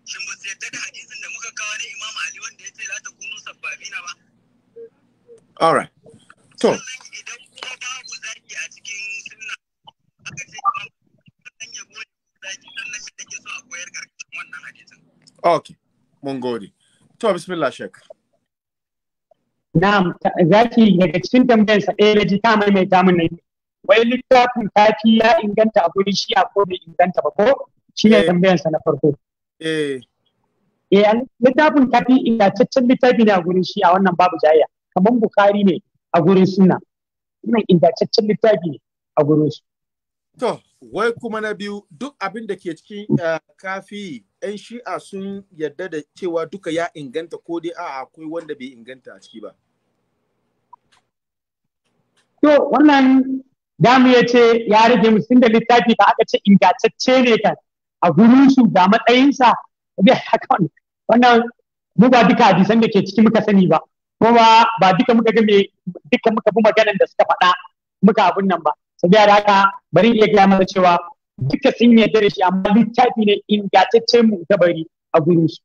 shin ba su yadda da hadisin da muka kawo na Imam Ali wanda ya ce za ta kuno sabbabina ba. All right. To. Ok, mun gode. To, bismillah shek. Na'am, zaki daga cikin tambayar sa ɗaya eh, na ji ta maimaita tamun ne. Wai littafin kafi ya inganta a guri shi a ko bai inganta ba ko? Shi ne eh. tambayar sa na farko. Eh. Eh, littafin kafi ingantaccen littafi ne a gurin shi a wannan babu jayya. Kamar Bukhari ne a gurin suna. inda ingantaccen littafi ne a gurin su. To, wai kuma na biyu duk abin da ke cikin eh, kafi 'yan shi'a sun yarda da cewa duka ya inganta ko dai a akwai wanda bai inganta a ciki ba? To, wannan damu ya ce ya rage musulun da littafi ba aka ce ingantacce ne kan a gurinsu ga matsayinsa wannan mu ba duka hadisan da ke ciki muka sani ba kuma ba duka muka ga duka muka bi maganan da suka faɗa muka abun nan ba saboda haka bari iya gaya mana cewa duka sun yarda da shi amma littafi ne ingantacce mu bari a gurin su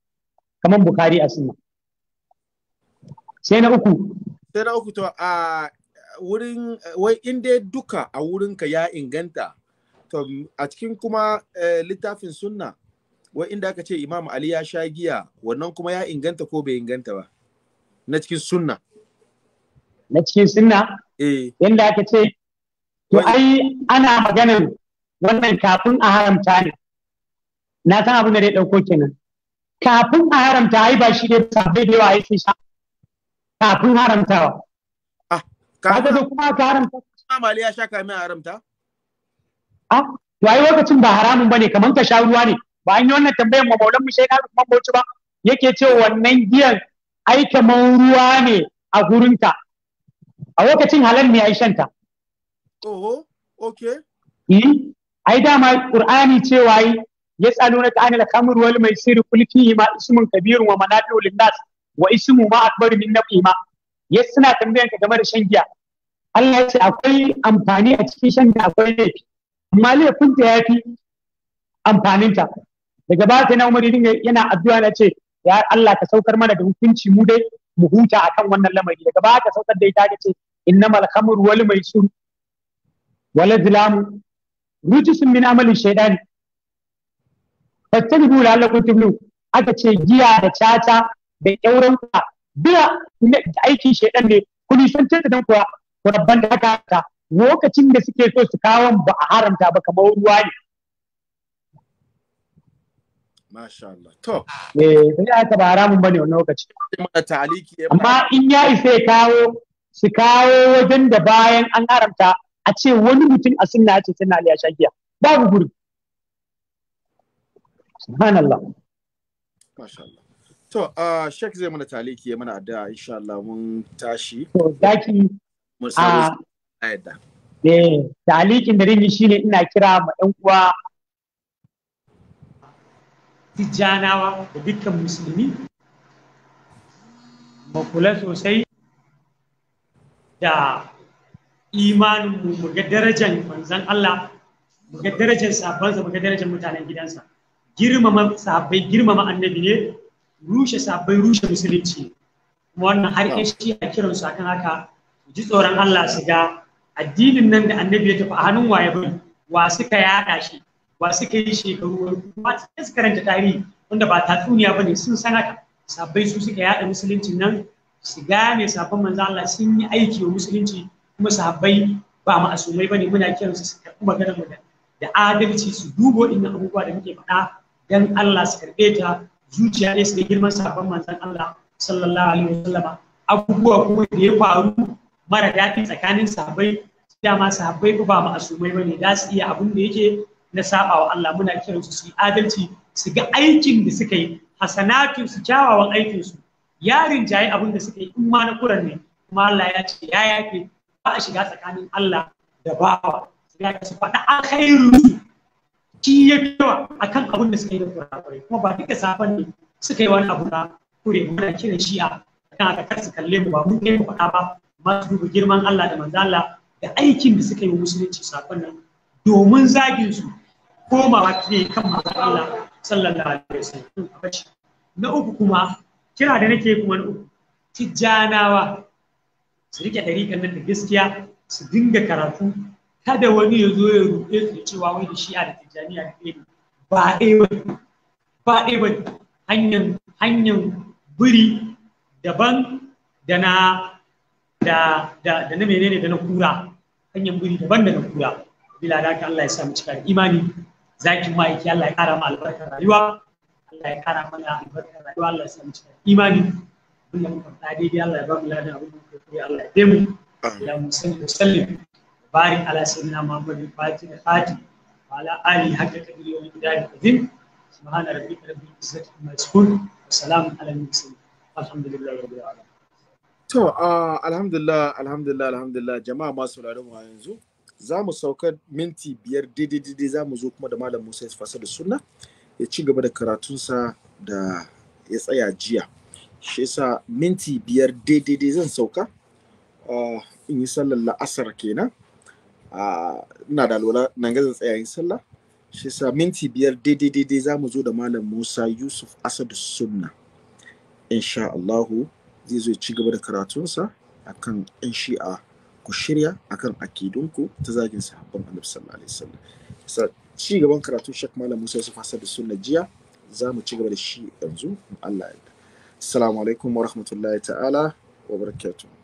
kamar bukari a suna. sai na uku sai na uku to a wurin wai in dai duka a wurinka ya inganta to a cikin kuma eh, littafin sunna wai inda aka ce imam ali ya sha giya wannan kuma ya inganta ko bai inganta ba na cikin sunna na cikin sunna eh inda aka ce to ai ana maganar wannan kafin a haramta ne na san abin da dai ɗauko kenan kafin a haramta ai ba shi ne sabai da yawa sun sha kafin haramtawa ah, kaga ko kuma ka haramta Mali ya sha kamin haramta a ah, to ai lokacin ba haramun bane kaman ka sha ruwa ne ba an yi wannan tambayar ma maulan mu shaykhal kuma bauchi ba yake cewa wannan giyan ai kaman ruwa ne a gurinta a lokacin halal ne ai shanta oho okay eh? ai dama qur'ani cewa yi na anil kamar wal mai qul kulki ma ismun kabiru wa manafi'u lin-nas wa ismu ma akbar min nafihima Ya suna tambayan ka game da shan giya Allah ya ce akwai amfani a cikin shan giya akwai laifi amma laifin ta yafi amfanin ta daga ba ta na Umar yana addu'a na ce ya Allah ka saukar mana da hukunci mu dai mu huta akan wannan lamari daga ba ka saukar da ita ta ce innamal khamru wal maisur wal zalamu rijisun min amalin shaidani fattalibu la'allakum tuflihun aka ce giya da caca da ƙyauren ka biya aikin shaidan ne ku ce da dan kuwa ku rabban da haka ta lokacin da suke so su kawo ba a haramta ba kamar ruwa ne Masha Allah. To. Eh, sai aka ba haramun bane wannan lokaci. Amma in ya isa ya kawo su kawo wajen da bayan an haramta a ce wani mutum a sunna ya ce sai na Ali ya sha giya babu gurin subhanallah masha Allah to a uh, shek zai mana taliki ya mana da insha Allah mun tashi to zaki mun samu ah, yadda ne eh, talikin da rini shine ina kira ma ɗan uwa tijjanawa da dukkan musulmi mu kula sosai da imanin mu mu ga darajar manzon Allah mu ga darajar sa, mu ga darajar mutanen gidansa girmama sahabbai girmama annabi ne rushe sahabbai rushe musulunci kuma wannan har kai shi a kiran su akan haka ji tsoron Allah su ga addinin nan da annabi ya tafi a hannun waye bai, wa suka yada shi wa suka yi shekaru ba su karanta tarihi wanda ba ta tatsuniya bane sun san haka sabbai su suka yada musulunci nan su gane sabon manzon Allah sun yi aiki wa musulunci kuma sahabbai ba ma'asumai bane muna kiran su su karɓi maganar mu da adalci su dubo inna abubuwa da muke faɗa dan Allah su karɓe ta zuciya ne su da girman sabon manzon Allah sallallahu alaihi wasallam abubuwa kuma da ya faru mara daɗi tsakanin sahabbai dama sahabbai ba ma'asumai bane da su iya abun da yake na sabawa Allah muna kiran su su yi adalci su ga aikin da suka yi hasanatu su kyawawan aikin su yarin jayi abin da suka yi in ma na kuran ne kuma Allah ya ce ya yafe a shiga tsakanin Allah da bawa ya kasu faɗa alkhairu shi ya fi yawa akan abin da suka yi da kurakurai kuma ba duka safan ne suka yi wani abu na kure muna kiran shi'a kan aka kar su kalle mu ba mun kai mu faɗa ba amma su duba girman Allah da manzala da aikin da suka yi musulunci safen nan domin zagin su komawa ne kan manzo Allah sallallahu alaihi wasallam na uku kuma kira da nake kuma na uku tijjanawa su rike ɗariƙan nan da gaskiya su dinga karatu kada wani ya zo ya rufe su cewa wai shi shi'a da tijjaniya ɗaya ne ba ɗaya ba ba ɗaya ba hanyar hanyar buri daban da na da da da na menene da na kura hanyar buri daban da na kura bila da Allah ya sa mu cika imani zakin ma'aiki Allah ya kara mu albarkar rayuwa Allah ya kara mana albarkar rayuwa Allah ya sa mu cika imani abin da muka faɗa daidai Allah ya ba mu ladan abin da muka koyi Allah ya demu da musalli musallim barik ala sayyidina Muhammad fati da fati ala ali hakka kadiri wa qadari azim subhana rabbika rabbil izzati amma yasifun wa ala mursalin alhamdulillahi rabbil alamin To, ah, alhamdulillah, alhamdulillah, alhamdulillah, jama'a masu mu a yanzu, za mu saukar minti biyar daidai za mu zo kuma da Malam Musa ya fasa da sunna, ya ci gaba da karatunsa da ya tsaya jiya. shi minti biyar daidai zan sauka ah, in yi sallar la'asar kenan ah, ina da lura nan gazan tsaya sallah shi yasa minti biyar daidai daidai za mu zo da malam musa yusuf asadu sunna insha allahu zai zo ci gaba da karatunsa akan yan shi'a ku shirya akan akidunku ta zagin sahabban annabi sallallahu alaihi wasallam sa ci gaban karatun shek malam musa yusuf asadu sunna jiya za mu ci gaba da shi yanzu Allah ya Assalamu alaikum wa rahmatullahi ta'ala wa barakatuh.